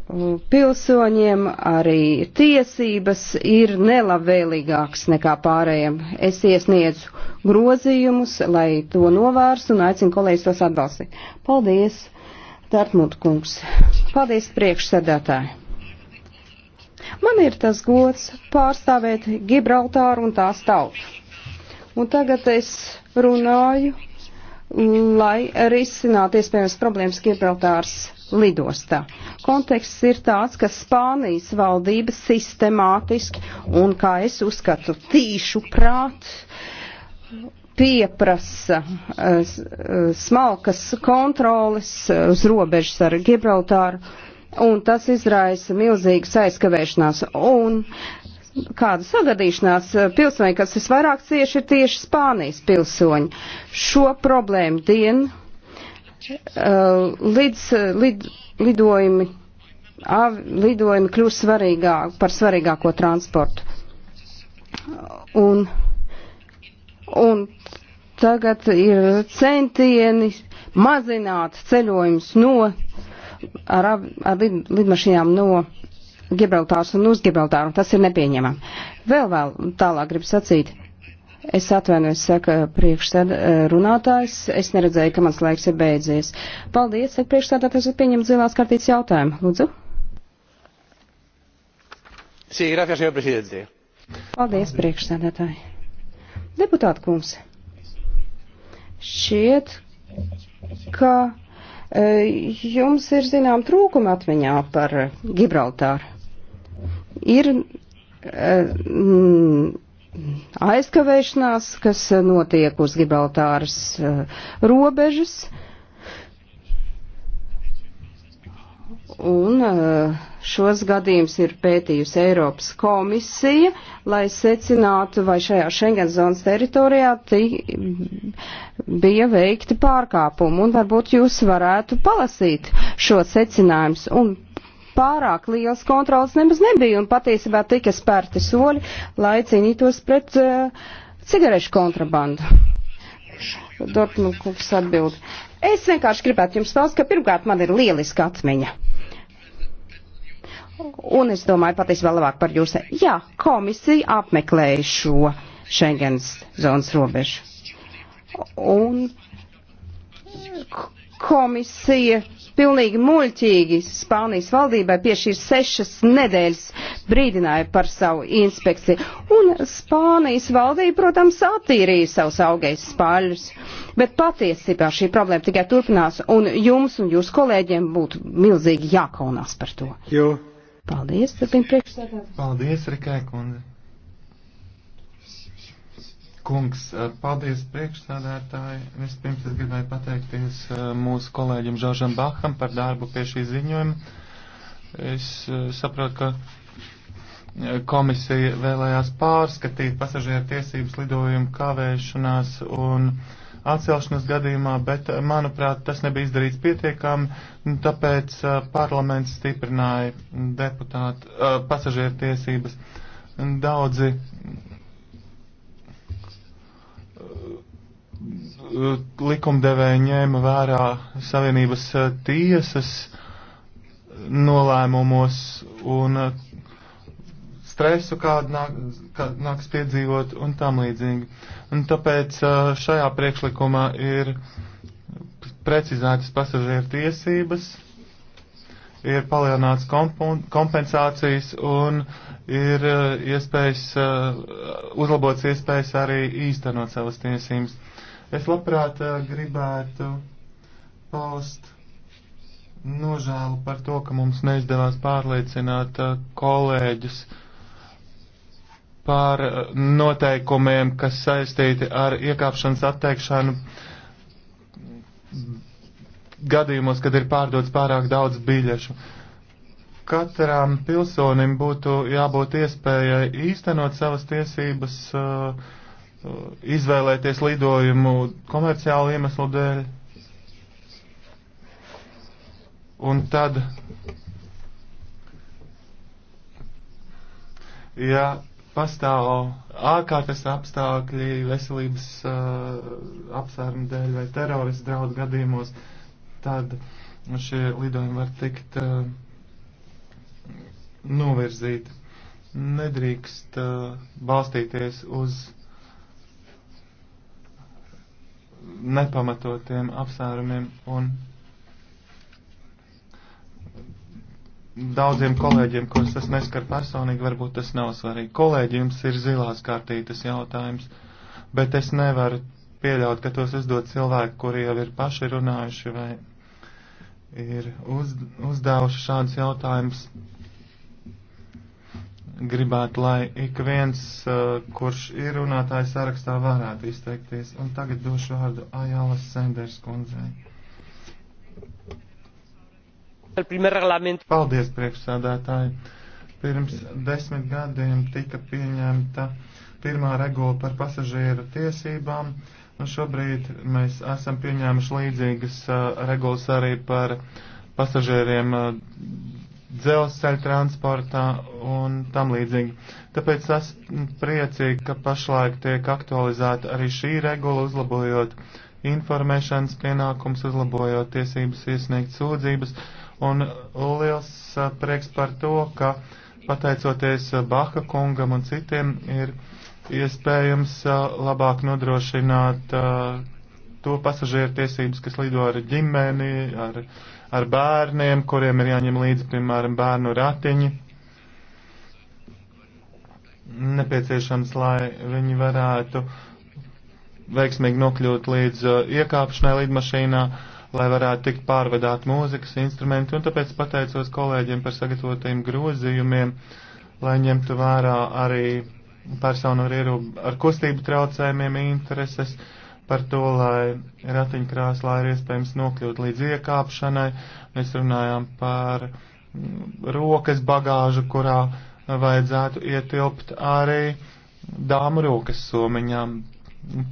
pilsoņiem arī tiesības ir nelabvēlīgāks nekā pārējiem. Es iesniedzu grozījumus, lai to novērstu un aicinu kolēģis tos atbalstīt. Paldies, Tartmut kungs. Paldies, priekšsēdētāji. Man ir tas gods pārstāvēt Gibraltāru un tās tautu. Un tagad es runāju, lai risinātu iespējams problēmas Gibraltārs lidostā. Konteksts ir tāds, ka Spānijas valdība sistemātiski un, kā es uzskatu, tīšu prāt pieprasa eh, eh, smalkas kontroles eh, uz robežas ar Gibraltāru un tas izraisa milzīgas aizkavēšanās. Un kāda sagadīšanās pilsoņi, kas visvairāk cieši, ir tieši Spānijas pilsoņi. Šo problēmu dienu uh, līdz, lid, lidojumi, av, lidojumi kļūst svarīgāk par svarīgāko transportu. Un, un tagad ir centieni mazināt ceļojumus no uh, ar, ar lid, lidmašīnām no Gibraltārs un uz Gibraltāru. Tas ir nepieņemami. Vēl vēl tālāk gribu sacīt. Es atvainojos, saka priekšsēd eh, runātājs. Es neredzēju, ka mans laiks ir beidzies. Paldies, saka priekšsēdētājs, ka pieņem zilās kartītes jautājumu. Lūdzu. Sí, gracias, señor presidente. Paldies, priekšsēdētāji. Deputāta kungs, šķiet, ka Eh, jums ir zinām trūkumi atmiņā par Gibraltāru. Ir eh, mm, aizkavēšanās, kas notiek uz Gibraltāras eh, robežas. Un uh, Šos gadījumus ir pētījusi Eiropas komisija, lai secinātu, vai šajā Schengen zonas teritorijā bija veikti pārkāpumi. Un varbūt jūs varētu palasīt šo secinājumus. Un pārāk liels kontrols nemaz nebija un patiesībā tika spērti soļi, lai cīnītos pret uh, cigarešu kontrabandu. Dortmund kungs atbild. Es vienkārši gribētu jums paust, ka pirmkārt man ir lieliska atmiņa. Un es domāju patiesībā labāk par jūs. Jā, komisija apmeklēja šo Schengens zonas robežu. Un komisija pilnīgi muļķīgi Spānijas valdībai pie šīs sešas nedēļas brīdināja par savu inspekciju. Un Spānijas valdība, protams, attīrīja savus augais spāļus. Bet patiesībā šī problēma tikai turpinās, un jums un jūsu kolēģiem būtu milzīgi jākaunās par to. Jo. Paldies, turpin priekšsēdētājs. Paldies, Rikai kundze. Kungs, eh, paldies priekšsādātāji. Vispirms es gribēju pateikties eh, mūsu kolēģim Žāžam Baham par darbu pie šī ziņojuma. Es eh, saprotu, ka komisija vēlējās pārskatīt pasažieru tiesības lidojumu kavēšanās un uh, atcelšanas gadījumā, bet, eh, manuprāt, tas nebija izdarīts pietiekami, tāpēc eh, parlaments stiprināja deputātu eh, pasažieru tiesības. Daudzi likumdevēji ņēma vērā Savienības tiesas nolēmumos un stresu, kādu, nāk, kādu nāks piedzīvot un tam līdzīgi. Un tāpēc šajā priekšlikumā ir precizētas pasažieru tiesības, ir palielināts kompensācijas un ir iespējas, uzlabots iespējas arī īstenot savas tiesības. Es labprāt gribētu paust nožēlu par to, ka mums neizdevās pārliecināt kolēģus uh, par eh, noteikumiem, kas saistīti ar iekāpšanas atteikšanu gadījumos, kad ir pārdots pārāk daudz biļešu. Katram pilsonim būtu jābūt iespējai īstenot savas tiesības, eh, izvēlēties lidojumu komerciālu iemeslu dēļ. Un tad, ja pastāv ārkārtas apstākļi veselības uh, apsvērumu dēļ vai terorista draudu gadījumos, tad šie lidojumi var tikt uh, novirzīti. Nedrīkst uh, balstīties uz nepamatotiem apsvērumiem un Daudziem kolēģiem, kurus tas neskar personīgi, varbūt tas nav svarīgi. Kolēģi, jums ir zilās kārtītas jautājums, bet es nevaru pieļaut, ka tos uzdod cilvēki, kuri jau ir paši runājuši vai ir uz, uzdevuši šādus jautājumus gribētu, lai ik viens, uh, kurš ir runātājs sarakstā, varētu izteikties. Un tagad došu vārdu Ajālas Sanders kundzei. Paldies, priekšsādātāji! Pirms desmit gadiem tika pieņemta pirmā regula par pasažieru tiesībām, un šobrīd mēs esam pieņēmuši līdzīgas uh, regulas arī par pasažieriem uh, dzelzceļa transportā un tam līdzīgi. Tāpēc esmu priecīgi, ka pašlaik tiek aktualizēta arī šī regula, uzlabojot informēšanas pienākums, uzlabojot tiesības iesniegt sūdzības. Uh, Un uh, liels uh, prieks par to, ka pateicoties uh, Baha kungam un citiem ir iespējams labāk nodrošināt to pasažieru tiesības, kas lido ar ģimeni, ar, ar bērniem, kuriem ir jāņem līdzi, piemēram, bērnu ratiņi. Nepieciešams, lai viņi varētu veiksmīgi nokļūt līdz iekāpšanai lidmašīnā. Uh, lai varētu tikt pārvadāt mūzikas instrumenti, un tāpēc pateicos kolēģiem par sagatavotajiem grozījumiem, lai ņemtu vērā arī personu ar, ierub, ar kustību traucējumiem intereses par to, lai ratiņkrāslā ir iespējams nokļūt līdz iekāpšanai. Mēs runājām par rokas bagāžu, kurā vajadzētu ietilpt arī dāmu rokas somiņām.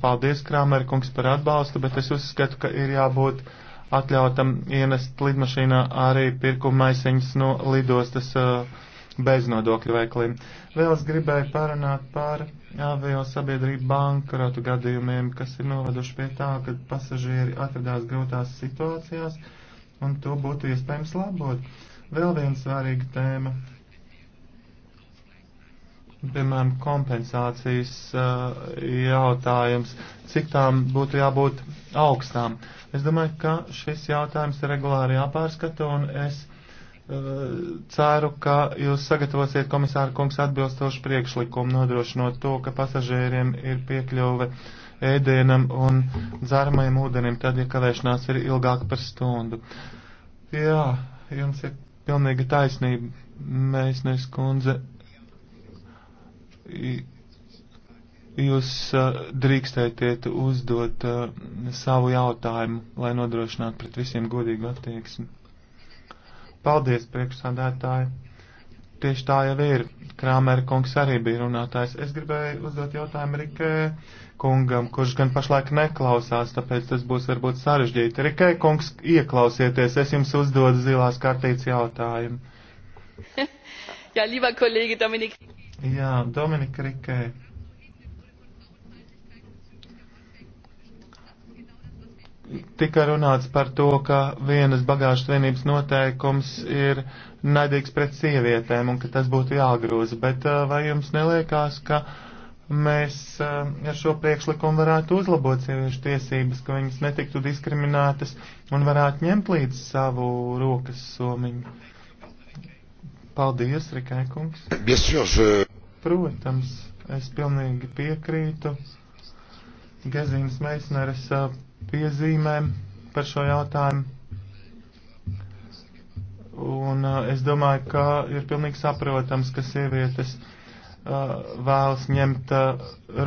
Paldies, Krāmerkungs, par atbalstu, bet es uzskatu, ka ir jābūt uh, atļautam ienest lidmašīnā arī pirkuma maisiņus no lidostas uh, bez nodokļu veikliem. Vēl es gribēju parunāt par avio sabiedrību bankrotu gadījumiem, kas ir noveduši pie tā, ka pasažieri atradās grūtās situācijās, un to būtu iespējams labot. Vēl viena svarīga tēma piemēram, kompensācijas uh, jautājums, cik tām būtu jābūt augstām. Es domāju, ka šis jautājums ir regulāri jāpārskata, un es uh, ceru, ka jūs sagatavosiet komisāra kungs atbilstošu priekšlikumu, nodrošinot to, ka pasažieriem ir piekļuve ēdienam un dzērmajam ūdenim, tad, ja kavēšanās ir ilgāk par stundu. Jā, jums ir pilnīga taisnība, mēs neskundze jūs uh, drīkstētiet uzdot uh, savu jautājumu, lai nodrošinātu pret visiem godīgu attieksmi. Paldies, priekšsādātāji! Tieši tā jau ir. Krāmera kungs arī bija runātājs. Es gribēju uzdot jautājumu Rikē kungam, kurš gan pašlaik neklausās, tāpēc tas būs varbūt sarežģīti. Rikē kungs, ieklausieties, es jums uzdodu zilās kartītes jautājumu. Jā, ja, lieber kolēģi Dominik. Jā, Dominika Rikē. tika runāts par to, ka vienas bagāžas vienības noteikums ir naidīgs pret sievietēm un ka tas būtu jāgroza, bet vai jums neliekās, ka mēs ar šo priekšlikumu varētu uzlabot sieviešu tiesības, ka viņas netiktu diskriminētas un varētu ņemt līdz savu rokas somiņu? Paldies, Rikai kungs. Bien sûr, je... Protams, es pilnīgi piekrītu Gezīnas Meisneres piezīmēm par šo jautājumu. Un es domāju, ka ir pilnīgi saprotams, ka sievietes vēlas ņemt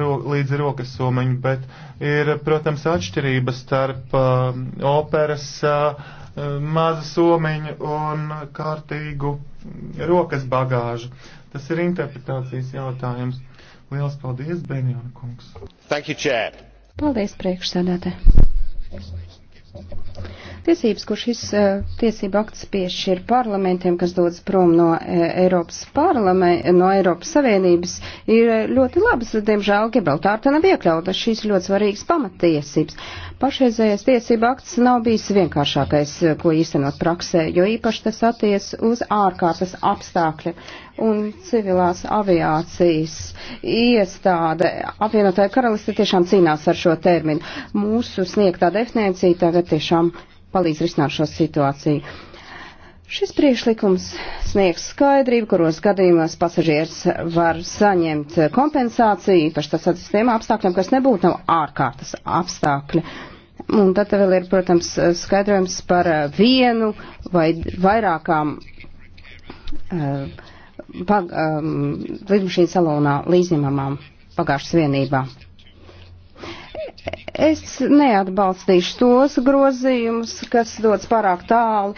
ro līdzi rokas somiņu, bet ir, protams, atšķirības starp operas uh, mazu somiņu un kārtīgu rokas bagāžu. Tas ir interpretācijas jautājums. Lielas paldies, Benjona kungs. Thank you, Chair. Paldies, priekšsēdētāji. Tiesības, kur šis eh, tiesība akts piešķir parlamentiem, kas dodas prom no eh, Eiropas parlamenta, no Eiropas Savienības, ir eh, ļoti labas. Diemžēl Gibraltārta nav iekļauta šīs ļoti svarīgas pamatiesības. Pašreizējais tiesība akts nav bijis vienkāršākais, ko īstenot praksē, jo īpaši tas attiec uz ārkārtas apstākļu un civilās aviācijas iestāde. Apvienotāja karaliste tiešām cīnās ar šo terminu. Mūsu sniegtā definīcija tagad tiešām palīdz risināt šo situāciju. Šis priekšlikums sniegs skaidrību, kuros gadījumos pasažieris var saņemt kompensāciju, īpaši tas atsis tiem apstākļiem, kas nebūtu nav ārkārtas apstākļi. Un tad vēl ir, protams, skaidrojums par vienu vai vairākām uh, eh, pag, um, ehm, lidmašīnu salonā līdzņemamām pagājušas vienībā. Es neatbalstīšu tos grozījumus, kas dodas pārāk tālu.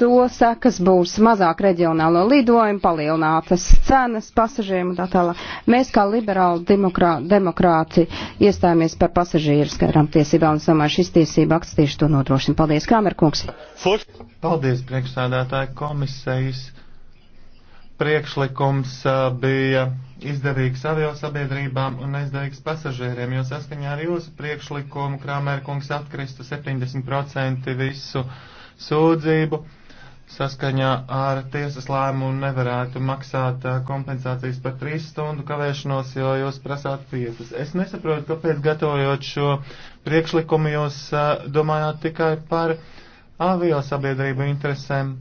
To sekas būs mazāk reģionālo lidojumu, palielinātas cenas pasažieriem un tā tālāk. Mēs kā liberāli demokrā, demokrāti iestājāmies par pasažieru skarām tiesībām un domāju, šis tiesība akts tieši to nodrošina. Paldies, Kāmerkungs. Paldies, priekšsādātāja komisijas. Priekšlikums uh, bija izdevīgs avio sabiedrībām un neizdevīgs pasažieriem, jo saskaņā ar jūsu priekšlikumu Krāmērkungs atkristu 70% visu sūdzību. Saskaņā ar tiesas lēmumu nevarētu maksāt kompensācijas par 3 stundu kavēšanos, jo jūs prasāt 5. Es nesaprotu, kāpēc gatavojot šo priekšlikumu jūs domājāt tikai par avio sabiedrību interesēm.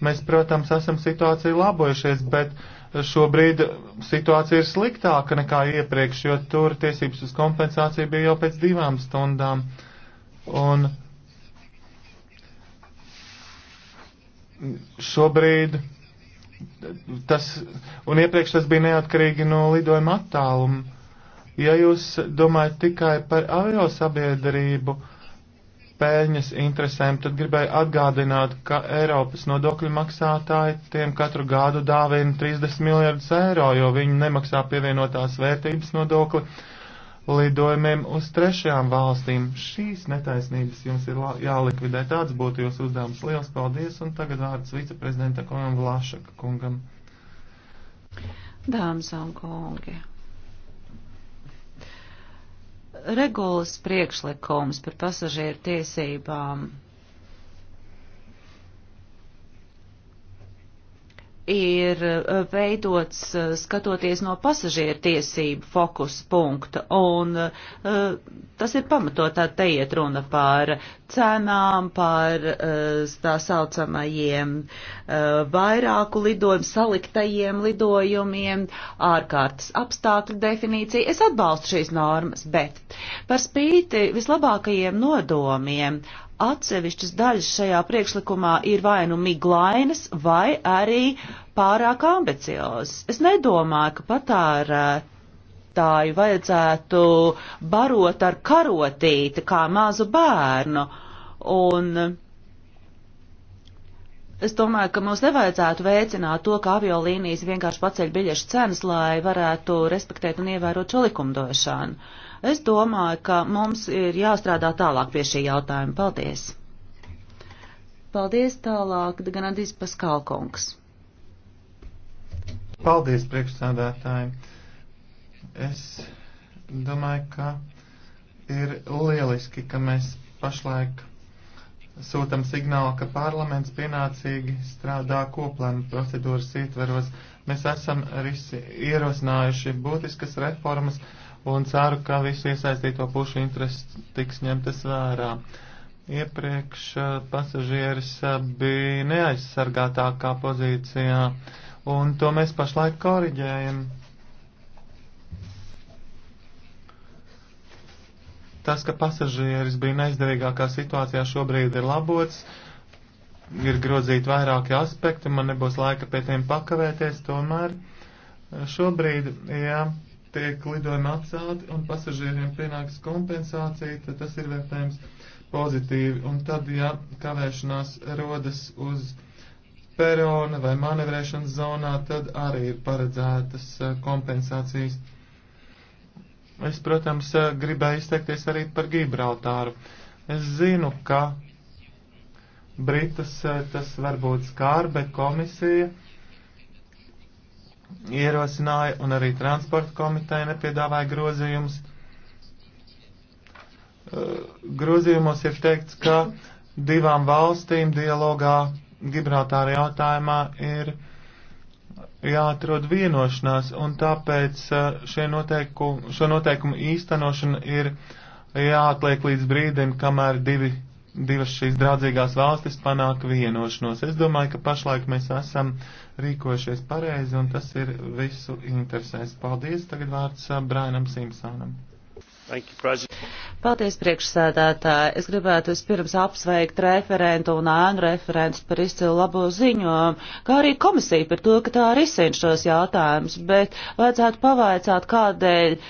Mēs, protams, esam situāciju labojušies, bet uh, šobrīd situācija ir sliktāka nekā iepriekš, jo tur tiesības uz kompensāciju bija jau pēc divām stundām. Un šobrīd tas, un iepriekš tas bija neatkarīgi no lidojuma attāluma. Ja jūs domājat tikai par avio sabiedrību, uh, peļņas interesēm, tad gribēju atgādināt, ka Eiropas nodokļu maksātāji tiem katru gadu dāvina 30 miljardus eiro, jo viņi nemaksā pievienotās vērtības nodokli lidojumiem uz trešajām valstīm. Šīs netaisnības jums ir jālikvidē. Tāds būtu jūsu uzdevums. Liels paldies, un tagad vārds viceprezidenta Konam Vlašaka kungam. Dāmas un kungi, regulas priekšlikums par pasažieru tiesībām ir eh, veidots eh, skatoties no pasažieru tiesību fokusa punkta, un eh, tas ir pamatotā te iet runa par cenām, par tā saucamajiem vairāku lidojumu, saliktajiem lidojumiem, ārkārtas apstākļu definīciju. Es atbalstu šīs normas, bet par spīti vislabākajiem nodomiem atsevišķas daļas šajā priekšlikumā ir vai nu miglainas, vai arī pārāk ambiciozas. Es nedomāju, ka patērētāju vajadzētu barot ar karotīti kā mazu bērnu. Un es domāju, ka mums nevajadzētu veicināt to, ka aviolīnijas vienkārši paceļ biļešu cenas, lai varētu respektēt un ievērot šo likumdošanu. Uh, Es domāju, ka mums ir jāstrādā tālāk pie šī jautājuma. Paldies! Paldies tālāk, Ganadīs Paskalkungs. Paldies priekšsādātājiem. Es domāju, ka ir lieliski, ka mēs pašlaik sūtam signālu, ka parlaments pienācīgi strādā koplēnu procedūras ietveros. Mēs esam risi, ierosinājuši būtiskas reformas un ceru, ka visu iesaistīto pušu intereses tiks ņemtas vērā. Iepriekš eh, pasažieris eh, bija neaizsargātākā pozīcijā, un to mēs pašlaik koriģējam. Tas, ka pasažieris bija neizdevīgākā situācijā, šobrīd ir labots ir grozīti vairāki aspekti, man nebūs laika pie tiem pakavēties, tomēr eh, šobrīd, ja tiek lidojumi atcelti un pasažieriem pienāks kompensācija, tad tas ir vērtējums pozitīvi. Un tad, ja kavēšanās rodas uz perona vai manevrēšanas zonā, tad arī ir paredzētas e, kompensācijas. Es, protams, e, gribēju izteikties arī par Gibraltāru. Es zinu, ka Britas e, tas varbūt skār, bet komisija ierosināja un arī transporta komiteja nepiedāvāja grozījumus. Uh, grozījumos ir teikts, ka divām valstīm dialogā Gibraltāra jautājumā ir jāatrod vienošanās, un tāpēc uh, noteiku, šo noteikumu īstenošana ir jāatliek līdz brīdim, kamēr divi divas šīs draudzīgās valstis panāk vienošanos. Es domāju, ka pašlaik mēs esam rīkojušies pareizi, un tas ir visu interesēs. Paldies, tagad vārds Brainam Simpsonam. Paldies, priekšsēdētāji. Es gribētu vispirms apsveikt referentu un ēnu referentus par izcilu labo ziņojumu, kā arī komisiju par to, ka tā risina šos jautājumus, bet vajadzētu pavaicāt, kādēļ uh,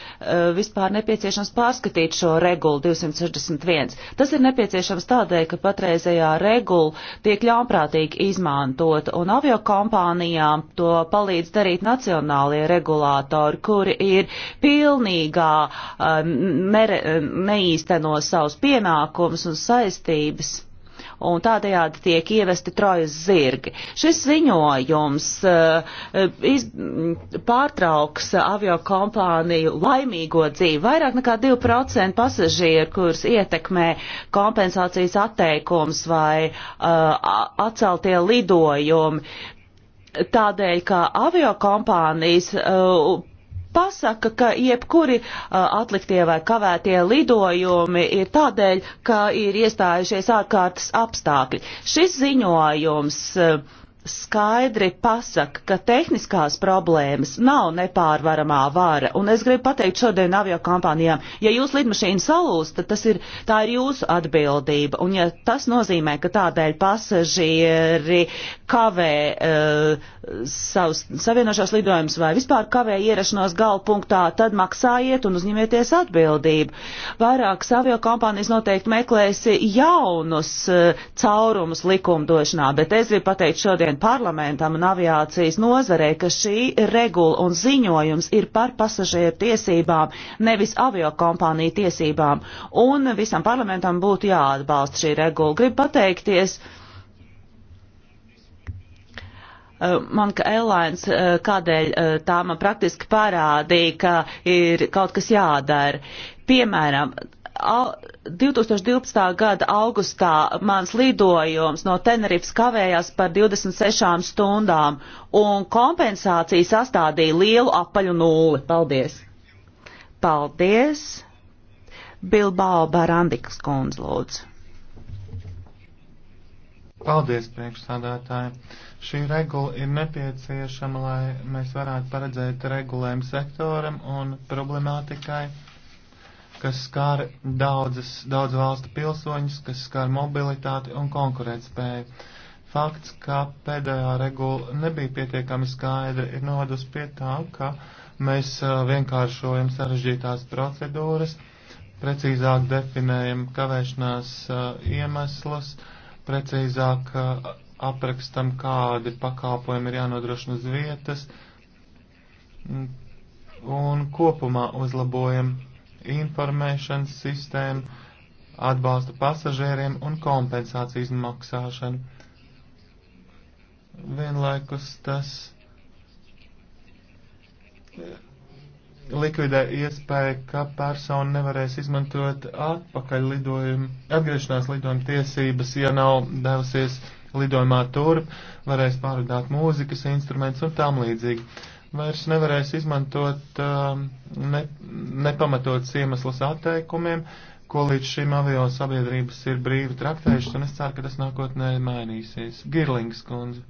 vispār nepieciešams pārskatīt šo regulu 261. Tas ir nepieciešams tādēļ, ka patreizējā regula tiek ļaunprātīgi izmantot, un avio kompānijām to palīdz darīt nacionālie regulātori, kuri ir pilnīgā um, mere, neīsteno savus pienākumus un saistības un tādējādi tiek ievesti trojas zirgi. Šis ziņojums uh, iz, pārtrauks avio kompāniju laimīgo dzīvi. Vairāk nekā 2% pasažieru, kurus ietekmē kompensācijas atteikums vai uh, atceltie lidojumi. Tādēļ, ka avio kompānijas uh, pasaka, ka jebkuri uh, atliktie vai kavētie lidojumi ir tādēļ, ka ir iestājušies ārkārtas apstākļi. Šis ziņojums uh, skaidri pasaka, ka tehniskās problēmas nav nepārvaramā vara. Un es gribu pateikt šodien avio kompānijām, ja jūs lidmašīna salūst, tad tas ir, tā ir jūsu atbildība. Un ja tas nozīmē, ka tādēļ pasažieri kavē uh, savus savienošos lidojumus vai vispār kavē ierašanos galpunktā, tad maksājiet un uzņemieties atbildību. Vairākas avio kompānijas noteikti meklēs jaunus uh, caurumus likumdošanā, bet es gribu pateikt šodien, vien parlamentam un aviācijas nozarē, ka šī regula un ziņojums ir par pasažieru tiesībām, nevis aviokompāniju tiesībām. Un visam parlamentam būtu jāatbalsta šī regula. Gribu pateikties. Eh, man kā airlines, eh, kādēļ eh, tā man praktiski parādīja, ka ir kaut kas jādara. Piemēram, 2012. gada augustā mans lidojums no Tenerifas kavējās par 26 stundām, un kompensācija sastādīja lielu apaļu nulli. Paldies! Paldies! Bilbao Barandikas kundze lūdzu. Paldies, priekšsādātāji. Šī regula ir nepieciešama, lai mēs varētu paredzēt regulējumu sektoram un problemātikai kas skāra daudzas, daudz valstu pilsoņus, kas skāra mobilitāti un konkurētspēju. Fakts, ka pēdējā regula nebija pietiekami skaidra, ir novadus pie tā, ka mēs uh, vienkāršojam sarežģītās procedūras, precīzāk definējam kavēšanās uh, iemeslus, precīzāk uh, aprakstam, kādi pakalpojumi ir jānodrošina uz vietas un kopumā uzlabojam informēšanas sistēmu, atbalstu pasažieriem un kompensācijas maksāšanu. Vienlaikus tas e, likvidē iespēju, ka persona nevarēs izmantot atpakaļ lidojumu, atgriešanās lidojuma tiesības, ja nav devusies lidojumā turp, varēs pārādāt mūzikas instruments un tam līdzīgi vairs nevarēs izmantot um, ne, nepamatots iemeslus atteikumiem, ko līdz šim avio sabiedrības ir brīvi traktējušas, un es ceru, ka tas nākotnē mainīsies. Girlings kundze.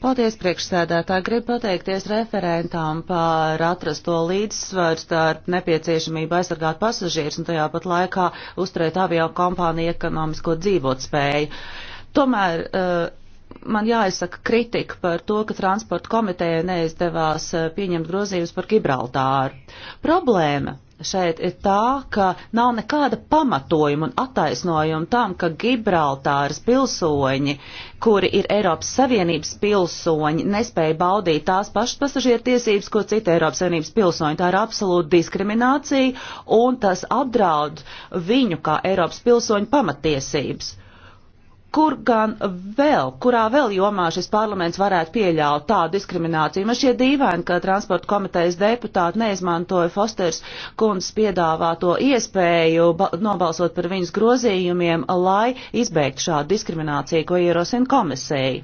Paldies, priekšsēdētā. Gribu pateikties referentām par atrasto līdzsvaru starp nepieciešamību aizsargāt pasažierus un tajā pat laikā uzturēt avio kompāniju ekonomisko dzīvotspēju. Tomēr uh, man jāizsaka kritika par to, ka transporta komiteja neizdevās eh, pieņemt grozījumus par Gibraltāru. Problēma šeit ir tā, ka nav nekāda pamatojuma un attaisnojuma tam, ka Gibraltāras pilsoņi, kuri ir Eiropas Savienības pilsoņi, nespēja baudīt tās pašas pasažieru tiesības, ko citi Eiropas Savienības pilsoņi. Tā ir absolūta diskriminācija un tas apdraud viņu kā Eiropas pilsoņu pamatiesības kur gan vēl, kurā vēl jomā šis parlaments varētu pieļaut tādu diskrimināciju. Man šie dīvaini, ka transporta komitejas deputāti neizmantoja Fosters kundzes piedāvāto iespēju nobalsot par viņas grozījumiem, lai izbeigtu šādu diskrimināciju, ko ierosina komisija.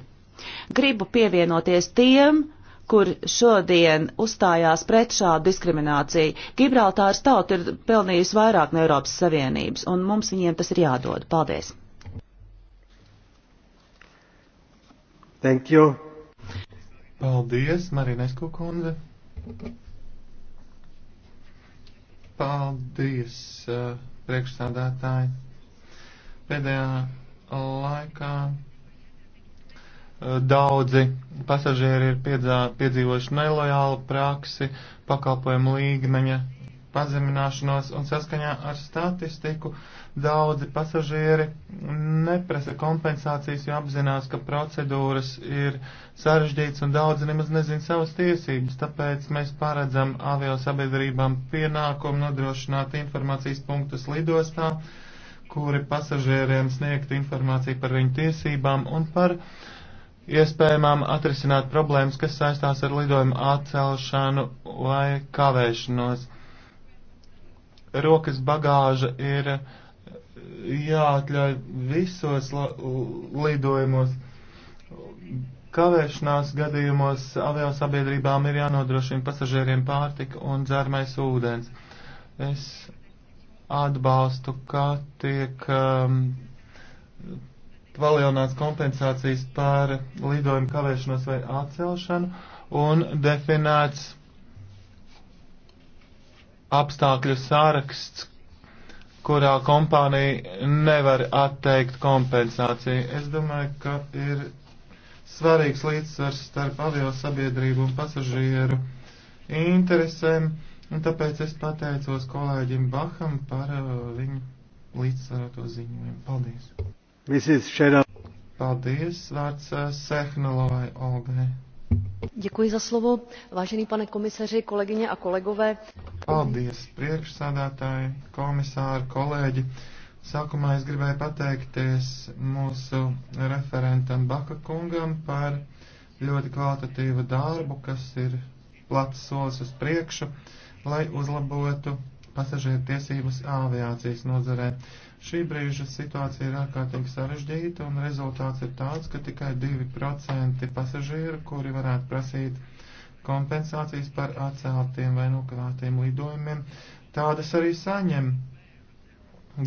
Gribu pievienoties tiem, kur šodien uzstājās pret šādu diskrimināciju. Gibraltārs tauta ir pelnījusi vairāk no Eiropas Savienības, un mums viņiem tas ir jādod. Paldies! Thank you. Paldies, Marinesko kundze. Paldies, eh, priekšsādātāji. Pēdējā laikā eh, daudzi pasažieri ir piedzā, piedzīvojuši nelojālu praksi, pakalpojumu līgmeņa pazemināšanos un saskaņā ar statistiku daudzi pasažieri neprasa kompensācijas, jo apzinās, ka procedūras ir sarežģītas un daudzi nemaz nezin savas tiesības. Tāpēc mēs paredzam avio sabiedrībām pienākumu nodrošināt informācijas punktus lidostā, kuri pasažieriem sniegt informāciju par viņu tiesībām un par iespējamām atrisināt problēmas, kas saistās ar lidojumu atcelšanu vai kavēšanos rokas bagāža ir eh, jāatļauj visos lidojumos. Kavēšanās gadījumos aviosabiedrībām ir jānodrošina pasažieriem pārtika un dzērmais ūdens. Es atbalstu, ka tiek um, palielināts kompensācijas par lidojumu kavēšanos vai atcelšanu un definēts apstākļu sāraksts, kurā kompānija nevar atteikt kompensāciju. Es domāju, ka ir svarīgs līdzsvars starp avio sabiedrību un pasažieru interesēm, un tāpēc es pateicos kolēģim Baham par uh, viņu līdzsvaroto ziņojumu. Paldies! Mrs. Shadow. Paldies, vārds uh, Sehnalovai Olgai. Vážený pane komisaři, kolegyně a kolegové. Paldies, priekšsādātāji, komisāri, kolēģi. Sākumā es gribēju pateikties mūsu referentam Baka kungam par ļoti kvalitatīvu darbu, kas ir plats solis uz priekšu, lai uzlabotu pasažieru tiesības aviācijas nozarē. Šī brīža situācija ir ārkārtīgi sarežģīta un rezultāts ir tāds, ka tikai 2% pasažieru, kuri varētu prasīt kompensācijas par atceltiem vai nokavētiem lidojumiem, tādas arī saņem.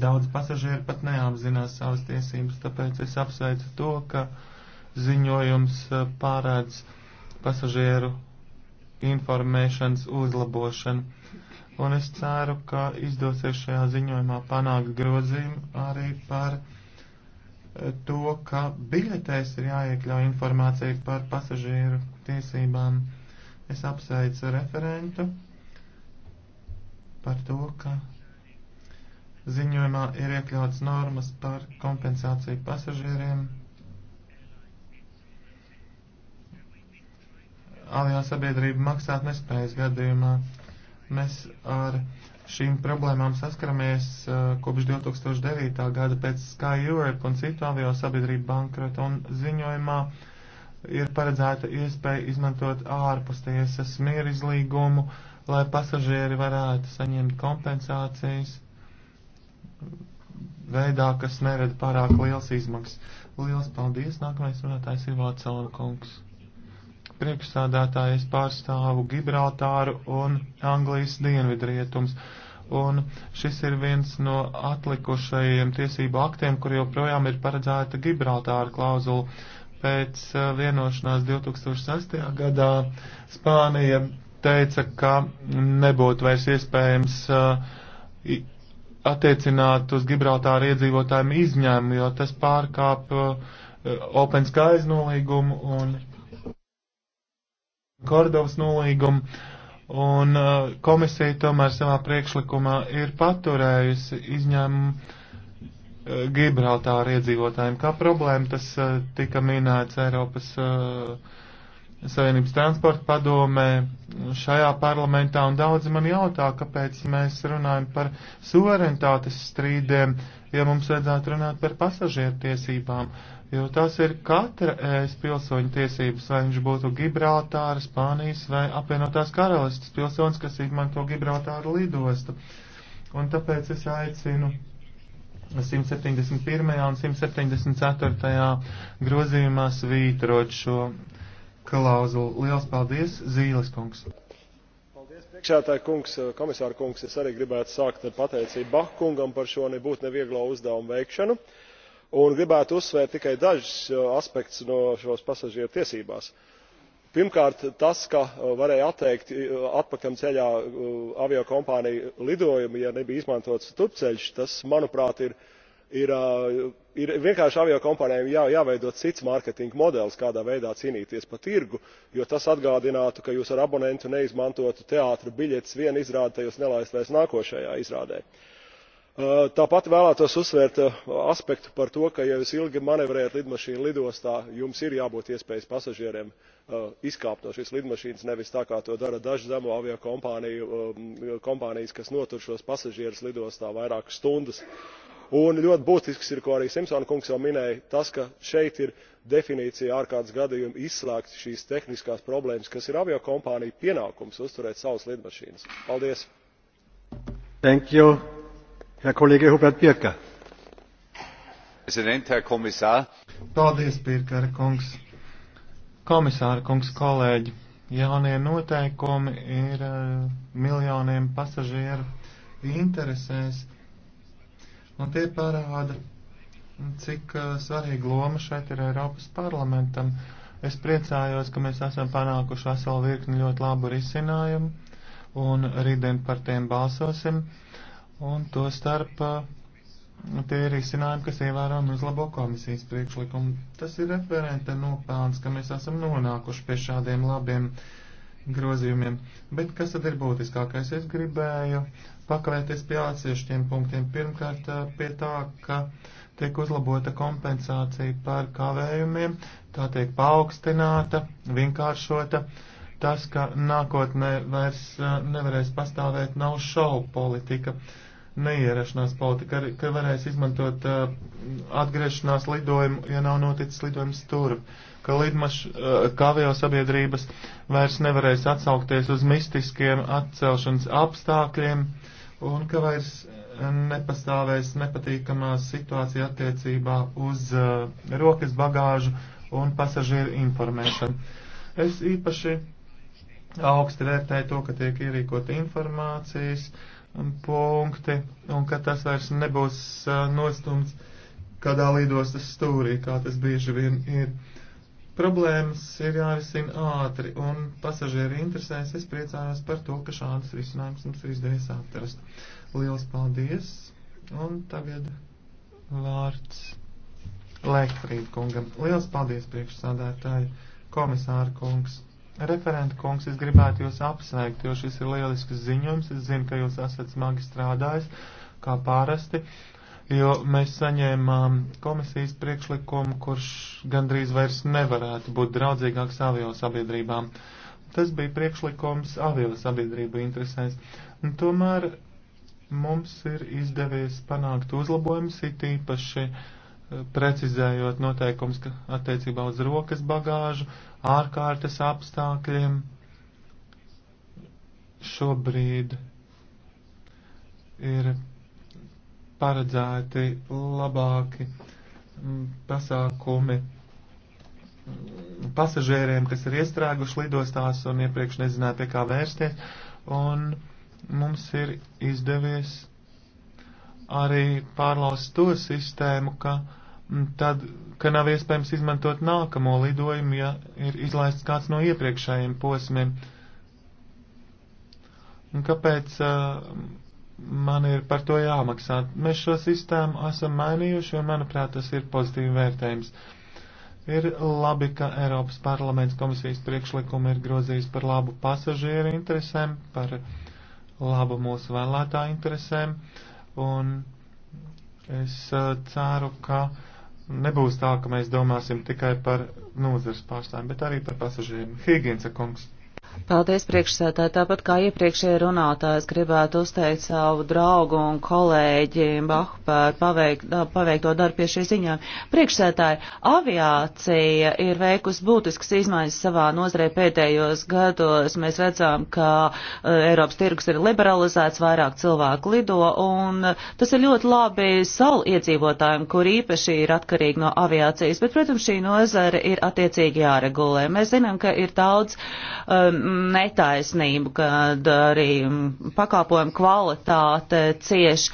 Daudz pasažieru pat neapzinās savas tiesības, tāpēc es apsveicu to, ka ziņojums eh, pārēdz pasažieru informēšanas uzlabošanu un es ceru, ka izdosies šajā ziņojumā panākt grozījumu arī par eh, to, ka biļetēs ir jāiekļauj informācija par pasažieru tiesībām. Es apsveicu referentu par to, ka ziņojumā ir iekļauts normas par kompensāciju pasažieriem. Alijā sabiedrība maksāt nespējas gadījumā Mēs ar šīm problēmām saskaramies uh, kopš 2009. gada pēc Sky Europe un citu avio sabiedrību bankrota un ziņojumā ir paredzēta iespēja izmantot ārpus tiesas mieru izlīgumu, lai pasažieri varētu saņemt kompensācijas veidā, kas nerada pārāk liels izmaksas. Liels paldies! Nākamais runātājs ir Vācēlava kungs priekšsādātāja, es pārstāvu Gibraltāru un Anglijas dienvidrietums. Un šis ir viens no atlikušajiem tiesību aktiem, kur joprojām ir paredzēta Gibraltāra klauzula. Pēc uh, vienošanās 2006. gadā Spānija teica, ka nebūtu vairs iespējams uh, attiecināt uz Gibraltāra iedzīvotājiem izņēmumu, jo tas pārkāp uh, Open Skies nolīgumu un Kordovas nolīgumu, un uh, komisija tomēr savā priekšlikumā ir paturējusi izņēmumu uh, Gibraltāra iedzīvotājiem. Kā problēma tas uh, tika minēts Eiropas Savienības transporta padomē šajā parlamentā, un daudzi man jautā, kāpēc mēs runājam par suverenitātes strīdiem, ja mums vajadzētu runāt par pasažieru tiesībām. Uh, jo tas ir katra ēs pilsoņa tiesības, vai viņš būtu Gibraltāra, Spānijas vai apvienotās karalistas pilsonis, kas izmanto Gibraltāru lidostu. Un tāpēc es aicinu 171. un 174. grozījumā svītrot šo klauzulu. Liels paldies, Zīles kungs! priekšsēdētāja kungs komisāra kungs es arī gribētu sākt ar pateicību bach kungam par šo nebūtu nevieglo uzdevumu veikšanu un gribētu uzsvērt tikai dažus uh, aspektus no šīs pasažieru tiesībās. pirmkārt tas ka uh, varēja atteikt uh, atpakaļceļā aviokompānija lidojumu ja nebija izmantots turpceļš tas manuprāt ir, ir, ir vienkārši aviokompānijām jā, jāveido cits mārketinga modelis kādā veidā cīnīties par tirgu jo tas atgādinātu ka jūs ar abonentu neizmantotu teātra biļetes vienā izrādē tad jūs nelaistu vairs nākošajā izrādē tāpat vēlētos uzsvērt aspektu par to ka ja jūs ilgi manevrējat lidmašīnu lidostā jums ir jābūt iespējai pasažieriem izkāpt no šīs lidmašīnas nevis tā kā to dara dažas zemo aviokompāniju kompānijas kas notur šos pasažierus lidostā vairākas stundas. un ļoti būtisks ir ko arī simpsona kungs jau minēja tas ka šeit ir definīcijā ārkārtas gadījumā izslēgts šīs tehniskās problēmas kas ir aviokompāniju pienākums uzturēt savas lidmašīnas. paldies! herr präsident herr kommissar! paldies pirkara kungs komisāra kungs kolēģi jaunie noteikumi ir uh, miljoniem pasažieru interesēs un tie parāda cik uh, svarīga loma šeit ir Eiropas parlamentam. Es priecājos, ka mēs esam panākuši veselu virkni ļoti labu risinājumu un rītdien par tiem balsosim. Uh, un to starp uh, tie ir izcinājumi, kas ievērojami uzlabo komisijas priekšlikumu. Tas ir referenta nopelns, ka mēs esam nonākuši pie šādiem labiem grozījumiem. Bet kas tad ir būtiskākais? Es gribēju pakavēties pie atsevišķiem punktiem. Pirmkārt, uh, pie tā, ka tiek uzlabota kompensācija par kavējumiem, tā tiek paaugstināta, vienkāršota. Tas, ka nākotnē vairs uh, nevarēs pastāvēt nav šau politika. Uh, neierašanās politika, ka varēs izmantot uh, atgriešanās lidojumu, ja nav noticis lidojums tur, ka lidmaš, uh, ka avio sabiedrības vairs nevarēs atsaukties uz mistiskiem atcelšanas apstākļiem un ka vairs nepastāvēs nepatīkamā situācija attiecībā uz uh, rokas bagāžu un pasažieru informēšanu. Es īpaši augsti vērtēju to, ka tiek ierīkota informācijas, uh, punkti un ka tas vairs nebūs nostumts kādā lidostas stūrī, kā tas bieži vien ir. Problēmas ir jārisina ātri un pasažieri interesēs. Es priecājos par to, ka šādas risinājums mums ir izdevies atrast. Liels paldies! Un tagad vārds Lēkfrīd kungam. Liels paldies priekšsādātāji, komisāra kungs! Referenta kungs, es gribētu jūs apsveikt, jo šis ir lielisks ziņojums. Es zinu, ka jūs esat smagi strādājis, kā pārasti, jo mēs saņēmām komisijas priekšlikumu, kurš gandrīz vairs nevarētu būt draudzīgāks avio sabiedrībām. Tas bija priekšlikums avio sabiedrību interesēs. Un tomēr mums ir izdevies panākt uzlabojumus, it īpaši uh, precizējot noteikums attiecībā uz rokas bagāžu, ārkārtas apstākļiem. Šobrīd ir paredzēti labāki mm, pasākumi pasažieriem, kas ir iestrēguši lidostās un iepriekš nezināja, pie kā vērsties. Un mums ir izdevies arī pārlaust to sistēmu, ka uh, tad, ka nav iespējams izmantot nākamo lidojumu, ja ir izlaists kāds no iepriekšējiem posmiem. Un kāpēc uh, man ir par to jāmaksā? Mēs šo sistēmu esam mainījuši, un manuprāt, tas ir pozitīvi vērtējums. Ir labi, ka Eiropas parlaments komisijas priekšlikumu ir grozījis par labu pasažieru interesēm, par labu mūsu vēlētāju interesēm, un es uh, ceru, ka uh, Nebūs tā, ka mēs domāsim tikai par nozars pārstāvjiem, bet arī par pasažieriem. Higīnce kungs. Paldies priekšsētāji. Tāpat kā iepriekšējā runātājs gribētu uzteikt savu draugu un kolēģi Bahu par paveikt, paveikto darbu pie šī ziņām. Priekšsētāji, aviācija ir veikusi būtiskas izmaiņas savā nozarē pēdējos gados. Mēs redzam, ka eh, Eiropas tirgus ir liberalizēts, vairāk cilvēku lido un eh, tas ir ļoti labi salu iedzīvotājiem, kur īpaši ir atkarīgi no aviācijas. Bet, protams, šī nozara ir attiecīgi jāregulē. Mēs zinām, ka ir daudz um, netaisnību, kad arī pakalpojumu kvalitāte cieš.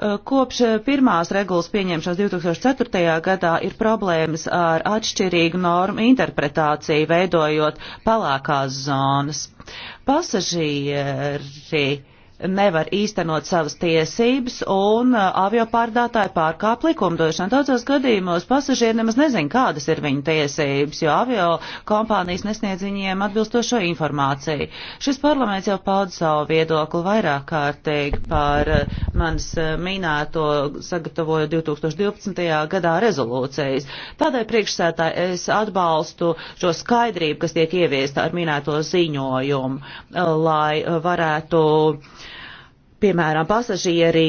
Uh, kopš pirmās regulas pieņemšanas 2004. gadā ir problēmas ar atšķirīgu normu interpretāciju, veidojot pelēkās zonas. Pasažieri nevar īstenot savas tiesības un uh, aviopārdātāji pārkāp likumdošanu. Daudzos gadījumos pasažieri nemaz nezin, kādas ir viņu tiesības, jo avio kompānijas nesniedz viņiem atbilstošo informāciju. Šis parlaments jau pauda savu viedokli vairāk kārtīgi par uh, manis uh, minēto sagatavoju 2012. gadā rezolūcijas. Tādēļ priekšsētāji es atbalstu šo skaidrību, kas tiek ieviesta ar minēto ziņojumu, lai varētu uh, piemēram, pasažieri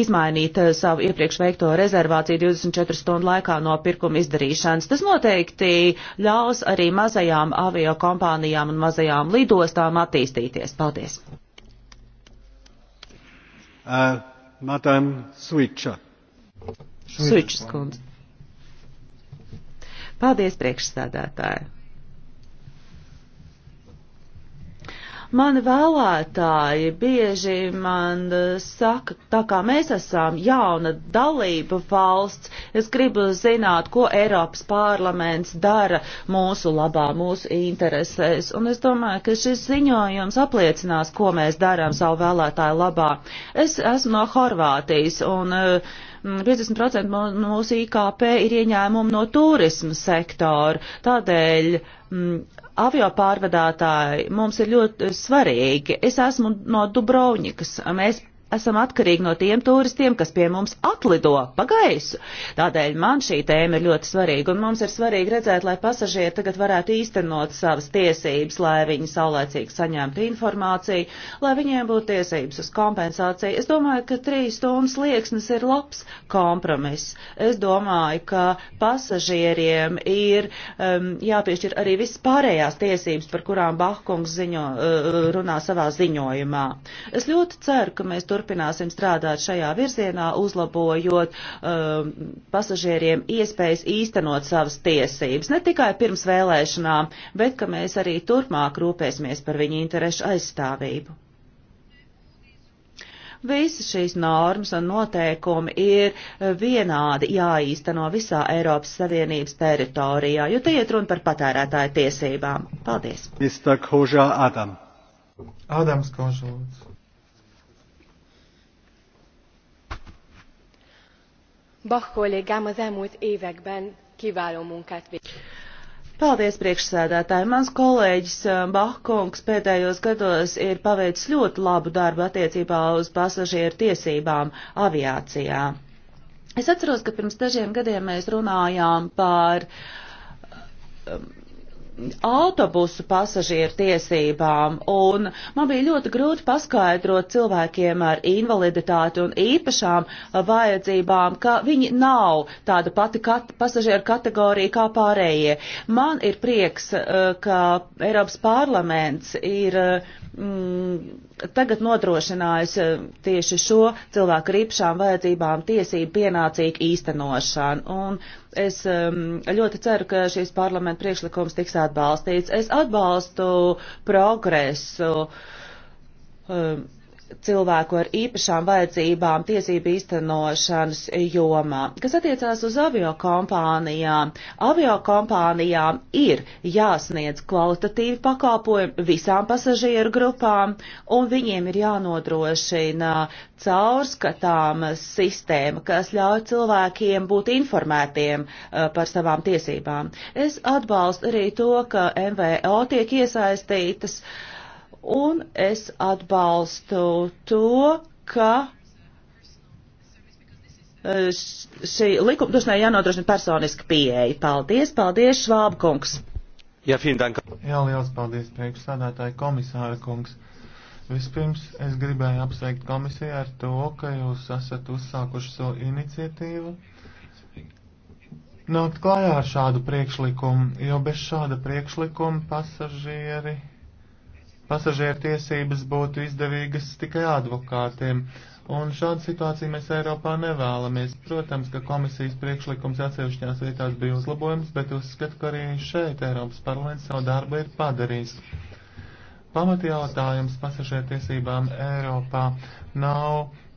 izmainīt eh, savu iepriekš veikto rezervāciju 24 stundu laikā no pirkuma izdarīšanas. Tas noteikti ļaus arī mazajām avio kompānijām un mazajām lidostām attīstīties. Paldies! Uh, Madam Switcha. Switchas kundze. Paldies priekšstādātāji. Mani vēlētāji bieži man eh, saka, tā kā mēs esam jauna dalība valsts, es gribu zināt, ko Eiropas parlaments dara mūsu labā, mūsu interesēs. Un es domāju, ka šis ziņojums apliecinās, ko mēs darām savu vēlētāju labā. Es esmu no Horvātijas un uh, 50% mm, mūsu IKP ir ieņēmumi no turisma sektora. Tādēļ m, mm, avio pārvadātāji mums ir ļoti svarīgi. Es esmu no Dubrovnikas. Mēs esam atkarīgi no tiem turistiem, kas pie mums atlido pa gaisu. Tādēļ man šī tēma ir ļoti svarīga, un mums ir svarīgi redzēt, lai pasažieri tagad varētu īstenot savas tiesības, lai viņi saulēcīgi saņemtu informāciju, lai viņiem būtu tiesības uz kompensāciju. Es domāju, ka trīs stundas liekas ir labs kompromiss. Es domāju, ka pasažieriem ir um, jāpiešķir arī viss pārējās tiesības, par kurām Bahkungs ziņo, uh, runā savā ziņojumā. Es ļoti ceru, ka mēs turpināsim turpināsim strādāt šajā virzienā, uzlabojot um, pasažieriem iespējas īstenot savas tiesības, ne tikai pirms vēlēšanām, bet ka mēs arī turpmāk rūpēsimies par viņu interešu aizstāvību. Visas šīs normas un noteikumi ir vienādi jāīsteno visā Eiropas Savienības teritorijā, jo te iet runa par patērētāju tiesībām. Paldies! Mr. Kožā Adam. Adams Kožā lūdzu. bach kollégám az elmúlt években kiváló munkát végzett. Paldies, priekšsēdētāji. Mans kolēģis eh, Bahkungs pēdējos gados ir paveicis ļoti labu darbu attiecībā uz pasažieru tiesībām aviācijā. Es atceros, ka pirms dažiem gadiem mēs runājām par um, autobusu pasažieru tiesībām, un man bija ļoti grūti paskaidrot cilvēkiem ar invaliditāti un īpašām vajadzībām, ka viņi nav tāda pati kat pasažieru kategorija kā pārējie. Man ir prieks, eh, ka Eiropas parlaments ir uh, mm, tagad nodrošinājis eh, tieši šo cilvēku rīpšām vajadzībām tiesību pienācīgu īstenošanu. Un es mm, ļoti ceru, ka šīs parlamenta priekšlikums tiks atbalstīts. Es atbalstu progresu. Mm, cilvēku ar īpašām vajadzībām tiesību īstenošanas jomā. Kas attiecās uz aviokompānijām, aviokompānijām ir jāsniedz kvalitatīvi pakalpojumi visām pasažieru grupām, un viņiem ir jānodrošina caurskatāma sistēma, kas ļauj cilvēkiem būt informētiem eh, par savām tiesībām. Es atbalstu arī to, ka MVO tiek iesaistītas uh, un es atbalstu to, ka e, šī likumdošanai jānodrošina personiska pieeja. Paldies, paldies, Švāba kungs! Jā, Jā, liels paldies, priekšsādātāji komisāra kungs! Vispirms es gribēju apsveikt komisiju ar to, ka jūs esat uzsākuši savu iniciatīvu. Nākt klājā ar šādu priekšlikumu, jo bez šāda priekšlikuma pasažieri pasažieru tiesības būtu izdevīgas tikai advokātiem. Un šādu situāciju mēs Eiropā nevēlamies. Protams, ka komisijas priekšlikums atsevišķās vietās bija uzlabojums, bet uzskatu, ka arī šeit Eiropas parlaments savu darbu ir padarījis. Pamatjautājums pasažieru tiesībām Eiropā nav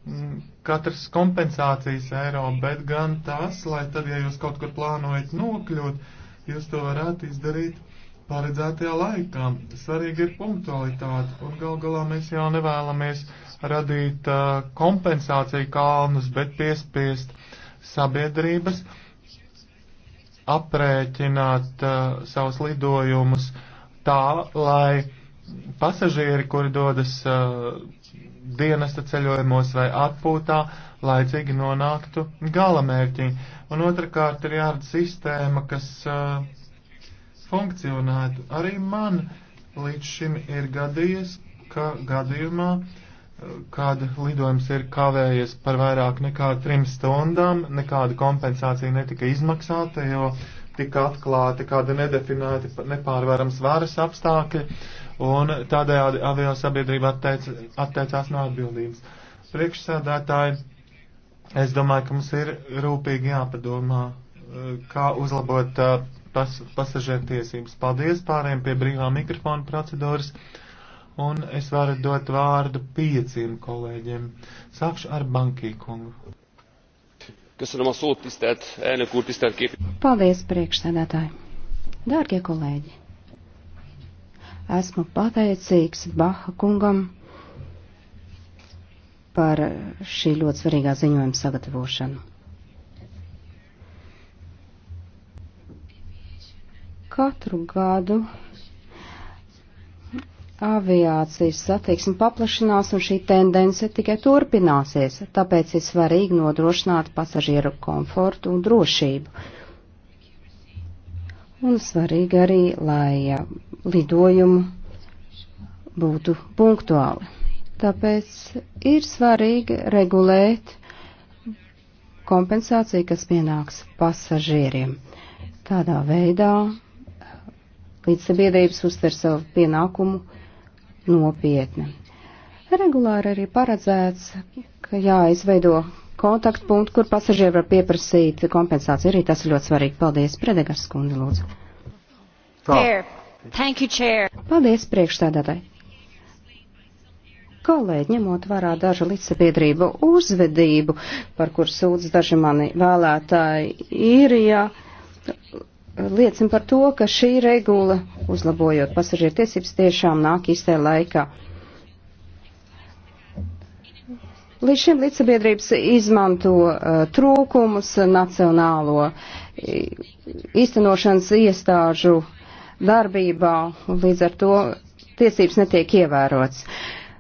mm, katras kompensācijas eiro, bet gan tas, lai tad, ja jūs kaut kur plānojat nokļūt, jūs to varētu izdarīt paredzētajā laikā. Svarīgi ir punktualitāte, un gal galā mēs jau nevēlamies radīt uh, kompensāciju kalnus, bet piespiest sabiedrības aprēķināt uh, savus lidojumus tā, lai pasažieri, kuri dodas uh, dienesta ceļojumos vai atpūtā, laicīgi nonāktu galamērķī. Un otrkārt ir jārada sistēma, kas uh, funkcionētu. Arī man līdz šim ir gadījies, ka gadījumā, kad lidojums ir kavējies par vairāk nekā trim stundām, nekāda kompensācija netika izmaksāta, jo tika atklāti kādi nedefinēti nepārvarams varas apstākļi, un tādējādi avio sabiedrība atteic, atteicās no atbildības. Priekšsēdētāji, es domāju, ka mums ir rūpīgi jāpadomā, kā uzlabot pas, pasažiertiesības. Paldies pārējiem pie brīvā mikrofona procedūras, un es varu dot vārdu pieciem kolēģiem. Sākšu ar Bankī kungu. Köszönöm a szót, tisztelt elnök úr, tisztelt képviselő. Paldies, priekšsēdētāji. Dārgie kolēģi, esmu pateicīgs Baha kungam par šī ļoti svarīgā ziņojuma sagatavošanu. katru gadu aviācijas satiksme paplašinās un šī tendence tikai turpināsies, tāpēc ir svarīgi nodrošināt pasažieru komfortu un drošību. Un svarīgi arī, lai lidojumu būtu punktuāli. Tāpēc ir svarīgi regulēt kompensāciju, kas pienāks pasažieriem. Tādā veidā līdz sabiedrības uztver savu pienākumu nopietni. Regulāri arī paredzēts, ka jāizveido kontaktpunktu, kur pasažieri var pieprasīt kompensāciju. Arī tas ir ļoti svarīgi. Paldies, Predegas skundi, lūdzu. Chair. Thank you, chair. Paldies, priekšstādātāji. Kolēģi, ņemot vērā dažu līdzsabiedrību uzvedību, par kur sūdz daži mani vēlētāji, ir, ja liecina par to, ka šī regula, uzlabojot pasažieru tiesības, tiešām nāk īstē laikā. Līdz šim līdzsabiedrības izmanto uh, trūkumus nacionālo īstenošanas iestāžu darbībā, un līdz ar to tiesības netiek ievērots.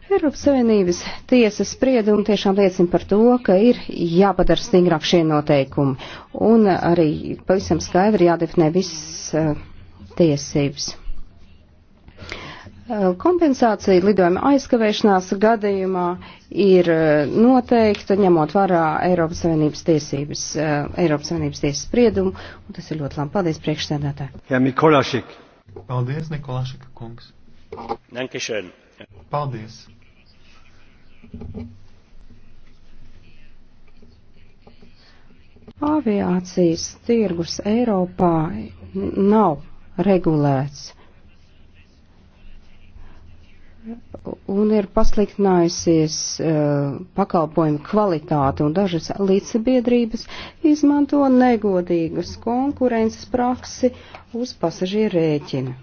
Eiropas Savienības tiesas spriedumi tiešām liecina par to, ka ir jāpadara stingrāk šie noteikumi un arī pavisam skaidri jādefinē visas uh, tiesības. Uh, kompensācija lidojuma aizkavēšanās gadījumā ir uh, noteikta ņemot vērā Eiropas Savienības tiesības, Eiropas Savienības tiesas spriedumu, un tas ir ļoti labi. Paldies, priekšsēdētāji. Jā, Mikolašik. Paldies, Nikolašika kungs. Dankišēn. Paldies. Aviācijas tirgus Eiropā nav regulēts un ir pasliktinājusies uh, pakalpojumu kvalitāte, un dažas līdzsabiedrības izmanto negodīgas konkurences praksi uz pasažieru rēķina.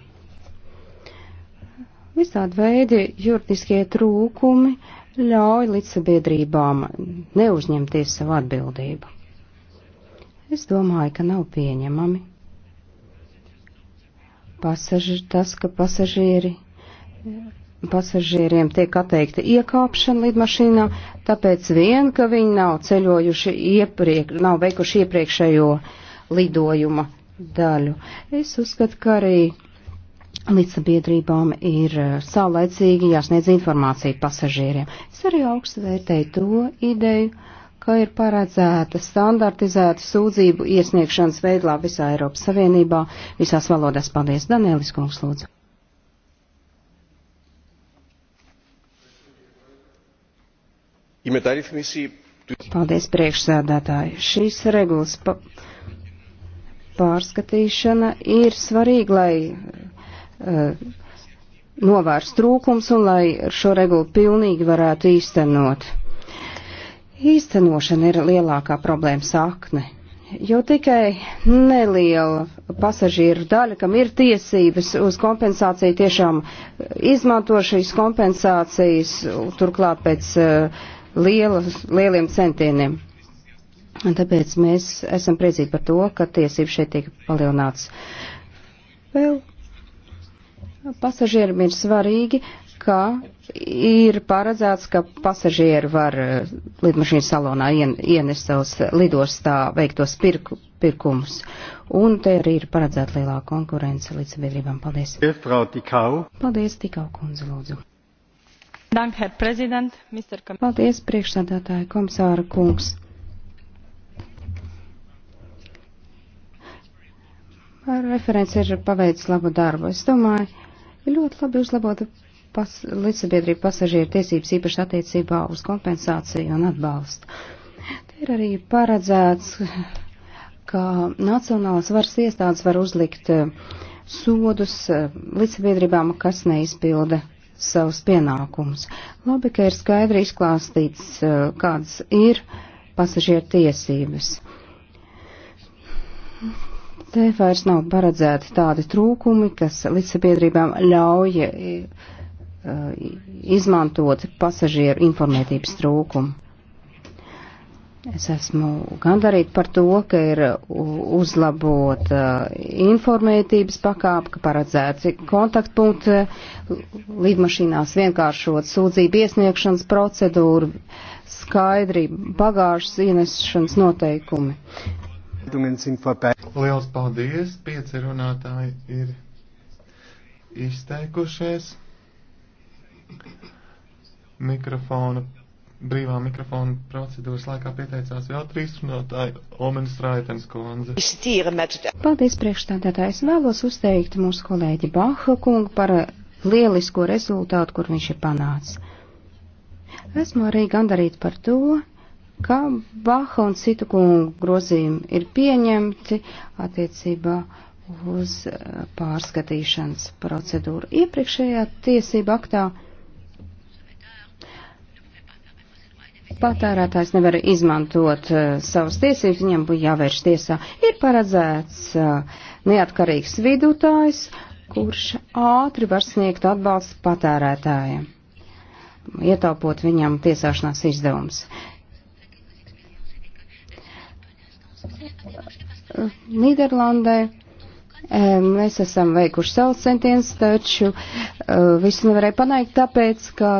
Visādi veidi juridiskie trūkumi ļauj līdzsabiedrībām neuzņemties savu atbildību. Es domāju, ka nav pieņemami pasaži, tas, ka pasažieri, pasažieriem tiek atteikta iekāpšana lidmašīnā, tāpēc vien, ka viņi nav ceļojuši iepriek, nav veikuši iepriekšējo lidojuma daļu. Es uzskatu, ka arī līdzsabiedrībām ir eh, saulēcīgi jāsniedz informācija pasažieriem. Es arī augstu vērtēju to ideju, ka ir paredzēta standartizēta sūdzību iesniegšanas veidlā visā Eiropas Savienībā, visās valodās. Paldies, Danielis Kungs, lūdzu. Paldies, priekšsēdētāji. Šīs regulas pa pārskatīšana ir svarīga, lai Uh, novērst trūkums un lai šo regulu pilnīgi varētu īstenot. Īstenošana ir lielākā problēma sakne, jo tikai neliela pasažieru daļa, kam ir tiesības uz kompensāciju, tiešām izmanto šīs kompensācijas, turklāt pēc uh, lielas, lieliem centieniem. Un tāpēc mēs esam priecīgi par to, ka tiesības šeit tiek palielināts. Vēl pasažieriem ir svarīgi, ka ir paredzēts, ka pasažieri var eh, lidmašīnas salonā ien, ienest savus lidostā veiktos pirku, pirkumus. Un te arī ir paredzēta lielāka konkurence līdz sabiedrībām. Paldies. Eh, Paldies, Tikau kundze, lūdzu. Paldies, priekšsādātāja komisāra kungs. Referents ir paveicis labu darbu. Es domāju, Ir ļoti labi uzlabota pas, līdzsabiedrība pasažieru tiesības īpaši attiecībā uz kompensāciju un atbalstu. Te ir arī paredzēts, ka nacionālas varas iestādes var uzlikt eh, sodus eh, līdzsabiedrībām, kas neizpilda savus pienākumus. Labi, ka ir skaidri izklāstīts, eh, kādas ir pasažieru tiesības. Te vairs nav paredzēti tādi trūkumi, kas līdzsabiedrībām ļauj e, e, izmantot pasažieru informētības trūkumu. Es esmu gandarīta par to, ka ir uzlabota e, informētības pakāpe, ka paredzēti kontaktpunkti lidmašīnās vienkāršot sūdzību iesniegšanas procedūru, skaidri bagāžas ienešanas noteikumi. Liels paldies! Pieci runātāji ir izteikušies. Mikrofona, brīvā mikrofona procedūras laikā pieteicās vēl trīs runātāji - Omenis Raitens Konze. Paldies priekšstādātājs. Vēlos uzteikt mūsu kolēģi Baha kungu par lielisko rezultātu, kur viņš ir panācis. Esmu arī gandarīta par to, ka Baha un citu kungu grozījumi ir pieņemti attiecībā uz eh, pārskatīšanas procedūru. Iepriekšējā tiesība aktā patērētājs nevar izmantot uh, savas tiesības, viņam būtu jāvērš tiesā. Ir paredzēts uh, neatkarīgs vidutājs, kurš ātri var sniegt atbalstu patērētājiem, ietaupot viņam tiesāšanās izdevums. Nīderlandē. Mēs esam veikuši savus centienus, taču eh, visu nevarēja panākt, tāpēc, ka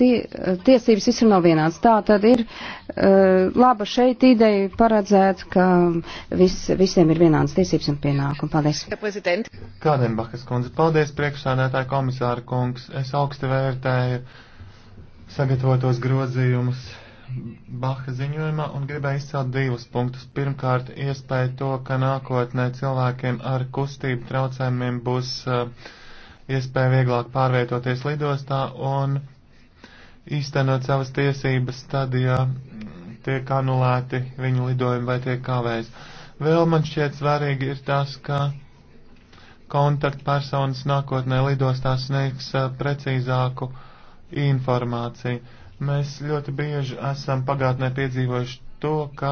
tie, eh, tiesības visur nav vienāds. Tā tad ir eh, laba šeit ideja paredzēt, ka vis, visiem ir vienāds tiesības un pienākumi. Paldies. Kādien, Bakas kundze, paldies priekšsādētāja komisāra kungs. Es augsti vērtēju sagatavotos grozījumus Baha ziņojumā un gribēju izcelt divus punktus. Pirmkārt, iespēja to, ka nākotnē cilvēkiem ar kustību traucējumiem būs uh, iespēja vieglāk pārvietoties lidostā un īstenot savas tiesības tad, ja tiek anulēti viņu lidojumi vai tiek kavējas. Vēl man šķiet svarīgi ir tas, ka kontaktpersonas nākotnē lidostās sniegs eh, precīzāku informāciju. Mēs ļoti bieži esam pagātnē piedzīvojuši to, ka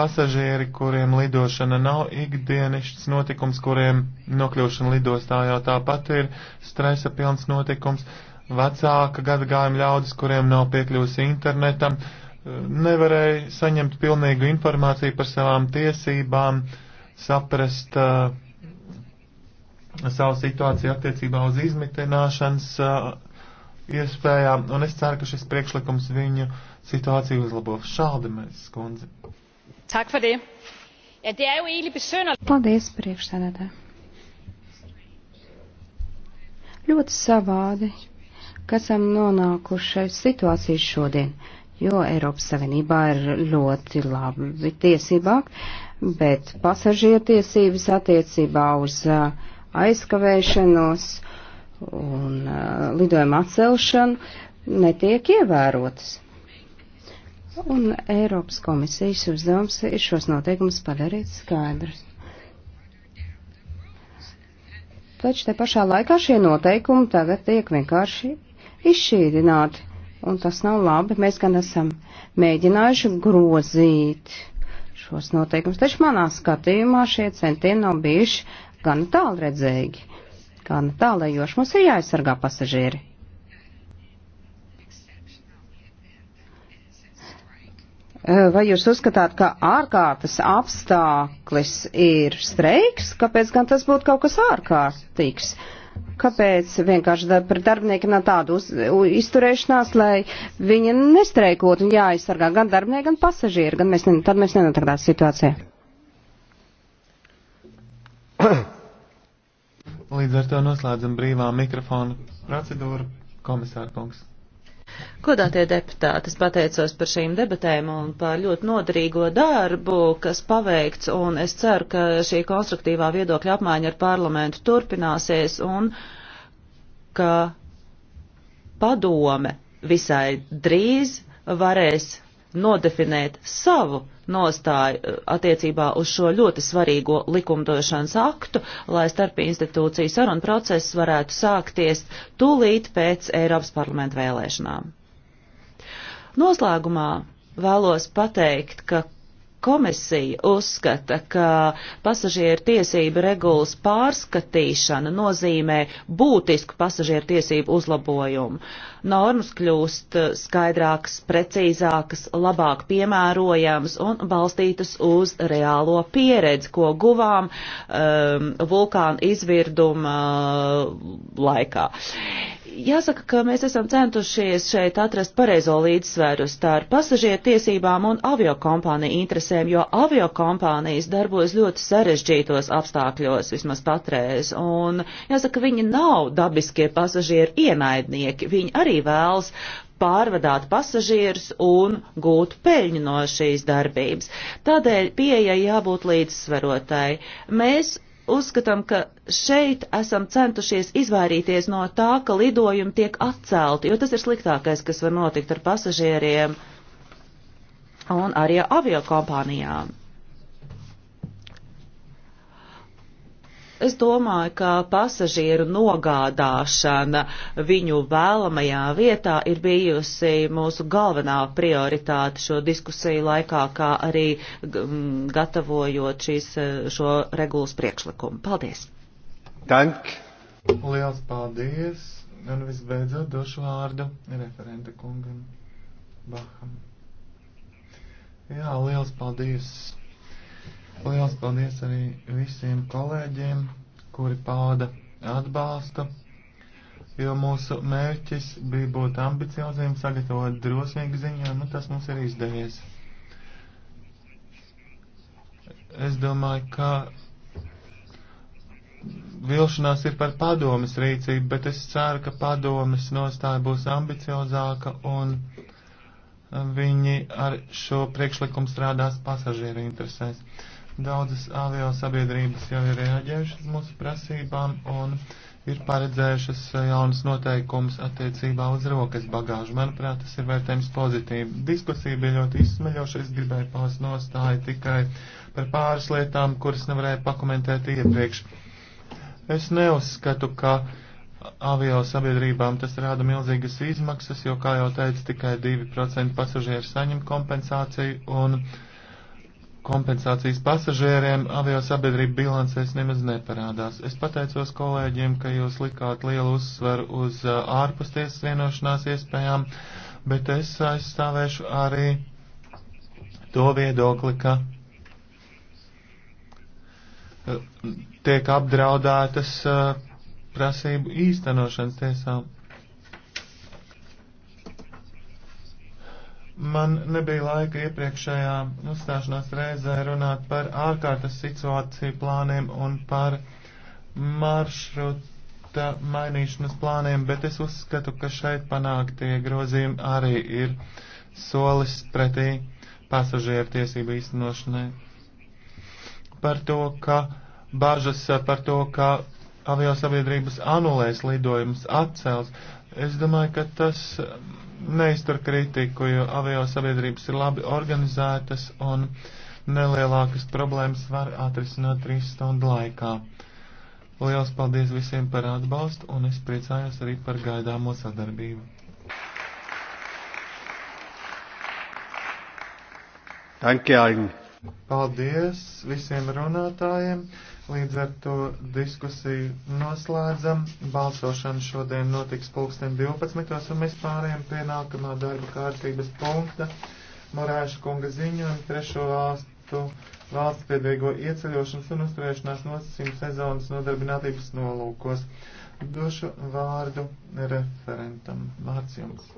pasažieri, kuriem lidošana nav ikdienišķs notikums, kuriem nokļūšana lidostā jau tāpat ir stresa pilns notikums, vecāka gadagājuma ļaudis, kuriem nav piekļūsi internetam, nevarēja saņemt pilnīgu informāciju par savām tiesībām, saprast uh, savu situāciju attiecībā uz izmitināšanas uh, iespējām, un es ceru, ka šis priekšlikums viņu situāciju uzlabos. Šādi mēs, skundze. Tak for det. Ja, det er jo egentlig besynderligt. Paldies, priekšsēdētāji. Ļoti savādi, ka esam nonākuši situāciju šodien, jo Eiropas Savienībā ir ļoti labi tiesībāk, bet pasažiertiesības attiecībā uz uh, aizkavēšanos. Uh, un uh, lidojuma atcelšanu netiek ievērotas. Un Eiropas komisijas uzdevums ir šos noteikumus padarīt skaidrus. Taču te pašā laikā šie noteikumi tagad tiek vienkārši izšķīdināti, un tas nav labi. Mēs gan esam mēģinājuši grozīt šos noteikumus, taču manā skatījumā šie centieni nav bijuši gan tālredzīgi gan tālējoši. Mums ir jāaizsargā pasažieri. Vai jūs uzskatāt, ka ārkārtas apstāklis ir streiks? Kāpēc gan tas būtu kaut kas ārkārtīgs? Kāpēc vienkārši dar, par darbiniekiem nav tādu uz, u, izturēšanās, lai viņi nestreikotu un jāaizsargā gan darbinieki, gan pasažieri, gan mēs, ne, tad mēs nenonāk tādā situācijā? Līdz ar to noslēdzam brīvā mikrofona procedūru. Komisāra kungs. Godātie deputāti, es pateicos par šīm debatēm un par ļoti noderīgo darbu, kas paveikts, un es ceru, ka šī konstruktīvā viedokļa apmaiņa ar parlamentu turpināsies un ka padome visai drīz varēs nodefinēt savu nostāju eh, attiecībā uz šo ļoti svarīgo likumdošanas aktu, lai starp institūciju sarunu process varētu sākties tūlīt pēc Eiropas parlamenta vēlēšanām. Noslēgumā vēlos pateikt, ka Komisija uzskata, ka pasažieru tiesību regulas pārskatīšana nozīmē būtisku pasažieru tiesību uzlabojumu. Normas kļūst skaidrākas, precīzākas, labāk piemērojamas un balstītas uz reālo pieredzi, ko guvām um, vulkānu izvirduma uh, laikā. Jāsaka, ka mēs esam centušies šeit atrast pareizo līdzsveru starp pasažieru tiesībām un aviokompāniju interesēm, jo aviokompānijas darbojas ļoti sarežģītos apstākļos, vismaz patreiz, un jāsaka, viņi nav dabiskie pasažieru ienaidnieki, viņi arī vēlas pārvadāt pasažierus un gūt peļņu no šīs darbības. Tādēļ pieeja jābūt līdzsvarotai. Mēs uzskatām, ka šeit esam centušies izvairīties no tā, ka lidojumi tiek atcelti, jo tas ir sliktākais, kas var notikt ar pasažieriem un arī aviokompānijām. Es domāju, ka pasažieru nogādāšana viņu vēlamajā vietā ir bijusi mūsu galvenā prioritāte šo diskusiju laikā, kā arī mm, gatavojot šīs, šo regulas priekšlikumu. Paldies! Tank! Liels paldies! Un visbeidzot došu vārdu referenta kungam Baham. Jā, liels paldies! Liels paldies arī visiem kolēģiem, kuri pauda atbalstu, jo mūsu mērķis bija būt ambicioziem, sagatavot drosmīgu ziņojumu, un nu, tas mums ir izdevies. Es domāju, ka vilšanās ir par padomas rīcību, bet es ceru, ka padomas nostāja būs ambiciozāka un viņi ar šo priekšlikumu strādās pasažieru interesēs. Daudzas avio sabiedrības jau ir reaģējušas mūsu prasībām un ir paredzējušas eh, jaunas noteikumus attiecībā uz rokas bagāžu. Manuprāt, tas ir vērtējums pozitīvi. Diskusija bija ļoti izsmeļoša, es gribēju paust nostāju tikai par pāris lietām, kuras nevarēju pakomentēt iepriekš. Es neuzskatu, ka avio sabiedrībām tas rāda milzīgas izmaksas, jo, kā jau teicu, tikai 2% pasažieru saņem kompensāciju un kompensācijas pasažieriem avio sabiedrība bilancēs nemaz neparādās. Es pateicos kolēģiem, ka jūs likāt lielu uzsveru uz uh, ārpustiesas vienošanās iespējām, bet es aizstāvēšu arī to viedokli, ka uh, tiek apdraudētas uh, prasību īstenošanas tiesām. Man nebija laika iepriekšējā uzstāšanās reizē runāt par ārkārtas situāciju plāniem un par maršruta mainīšanas plāniem, bet es uzskatu, ka šeit panāktie grozījumi arī ir solis pretī pasažieru tiesību īstenošanai. Par to, ka bažas par to, ka aviosabiedrības anulēs lidojumus atcels, es domāju, ka tas neiztur kritiku, jo avio sabiedrības ir labi organizētas un nelielākas problēmas var atrisināt trīs stundu laikā. Liels paldies visiem par atbalstu un es priecājos arī par gaidāmo sadarbību. Danke allen. Paldies visiem runātājiem. Līdz ar to diskusiju noslēdzam. Balsošana šodien notiks pulksten 12. un mēs pārējām pie nākamā darba kārtības punkta. Morāša kunga ziņojuma trešo valstu valsts piedvieglo ieceļošanas un uzturēšanās nosacījumu sezonas nodarbinātības nolūkos. Došu vārdu referentam. Vārds jums.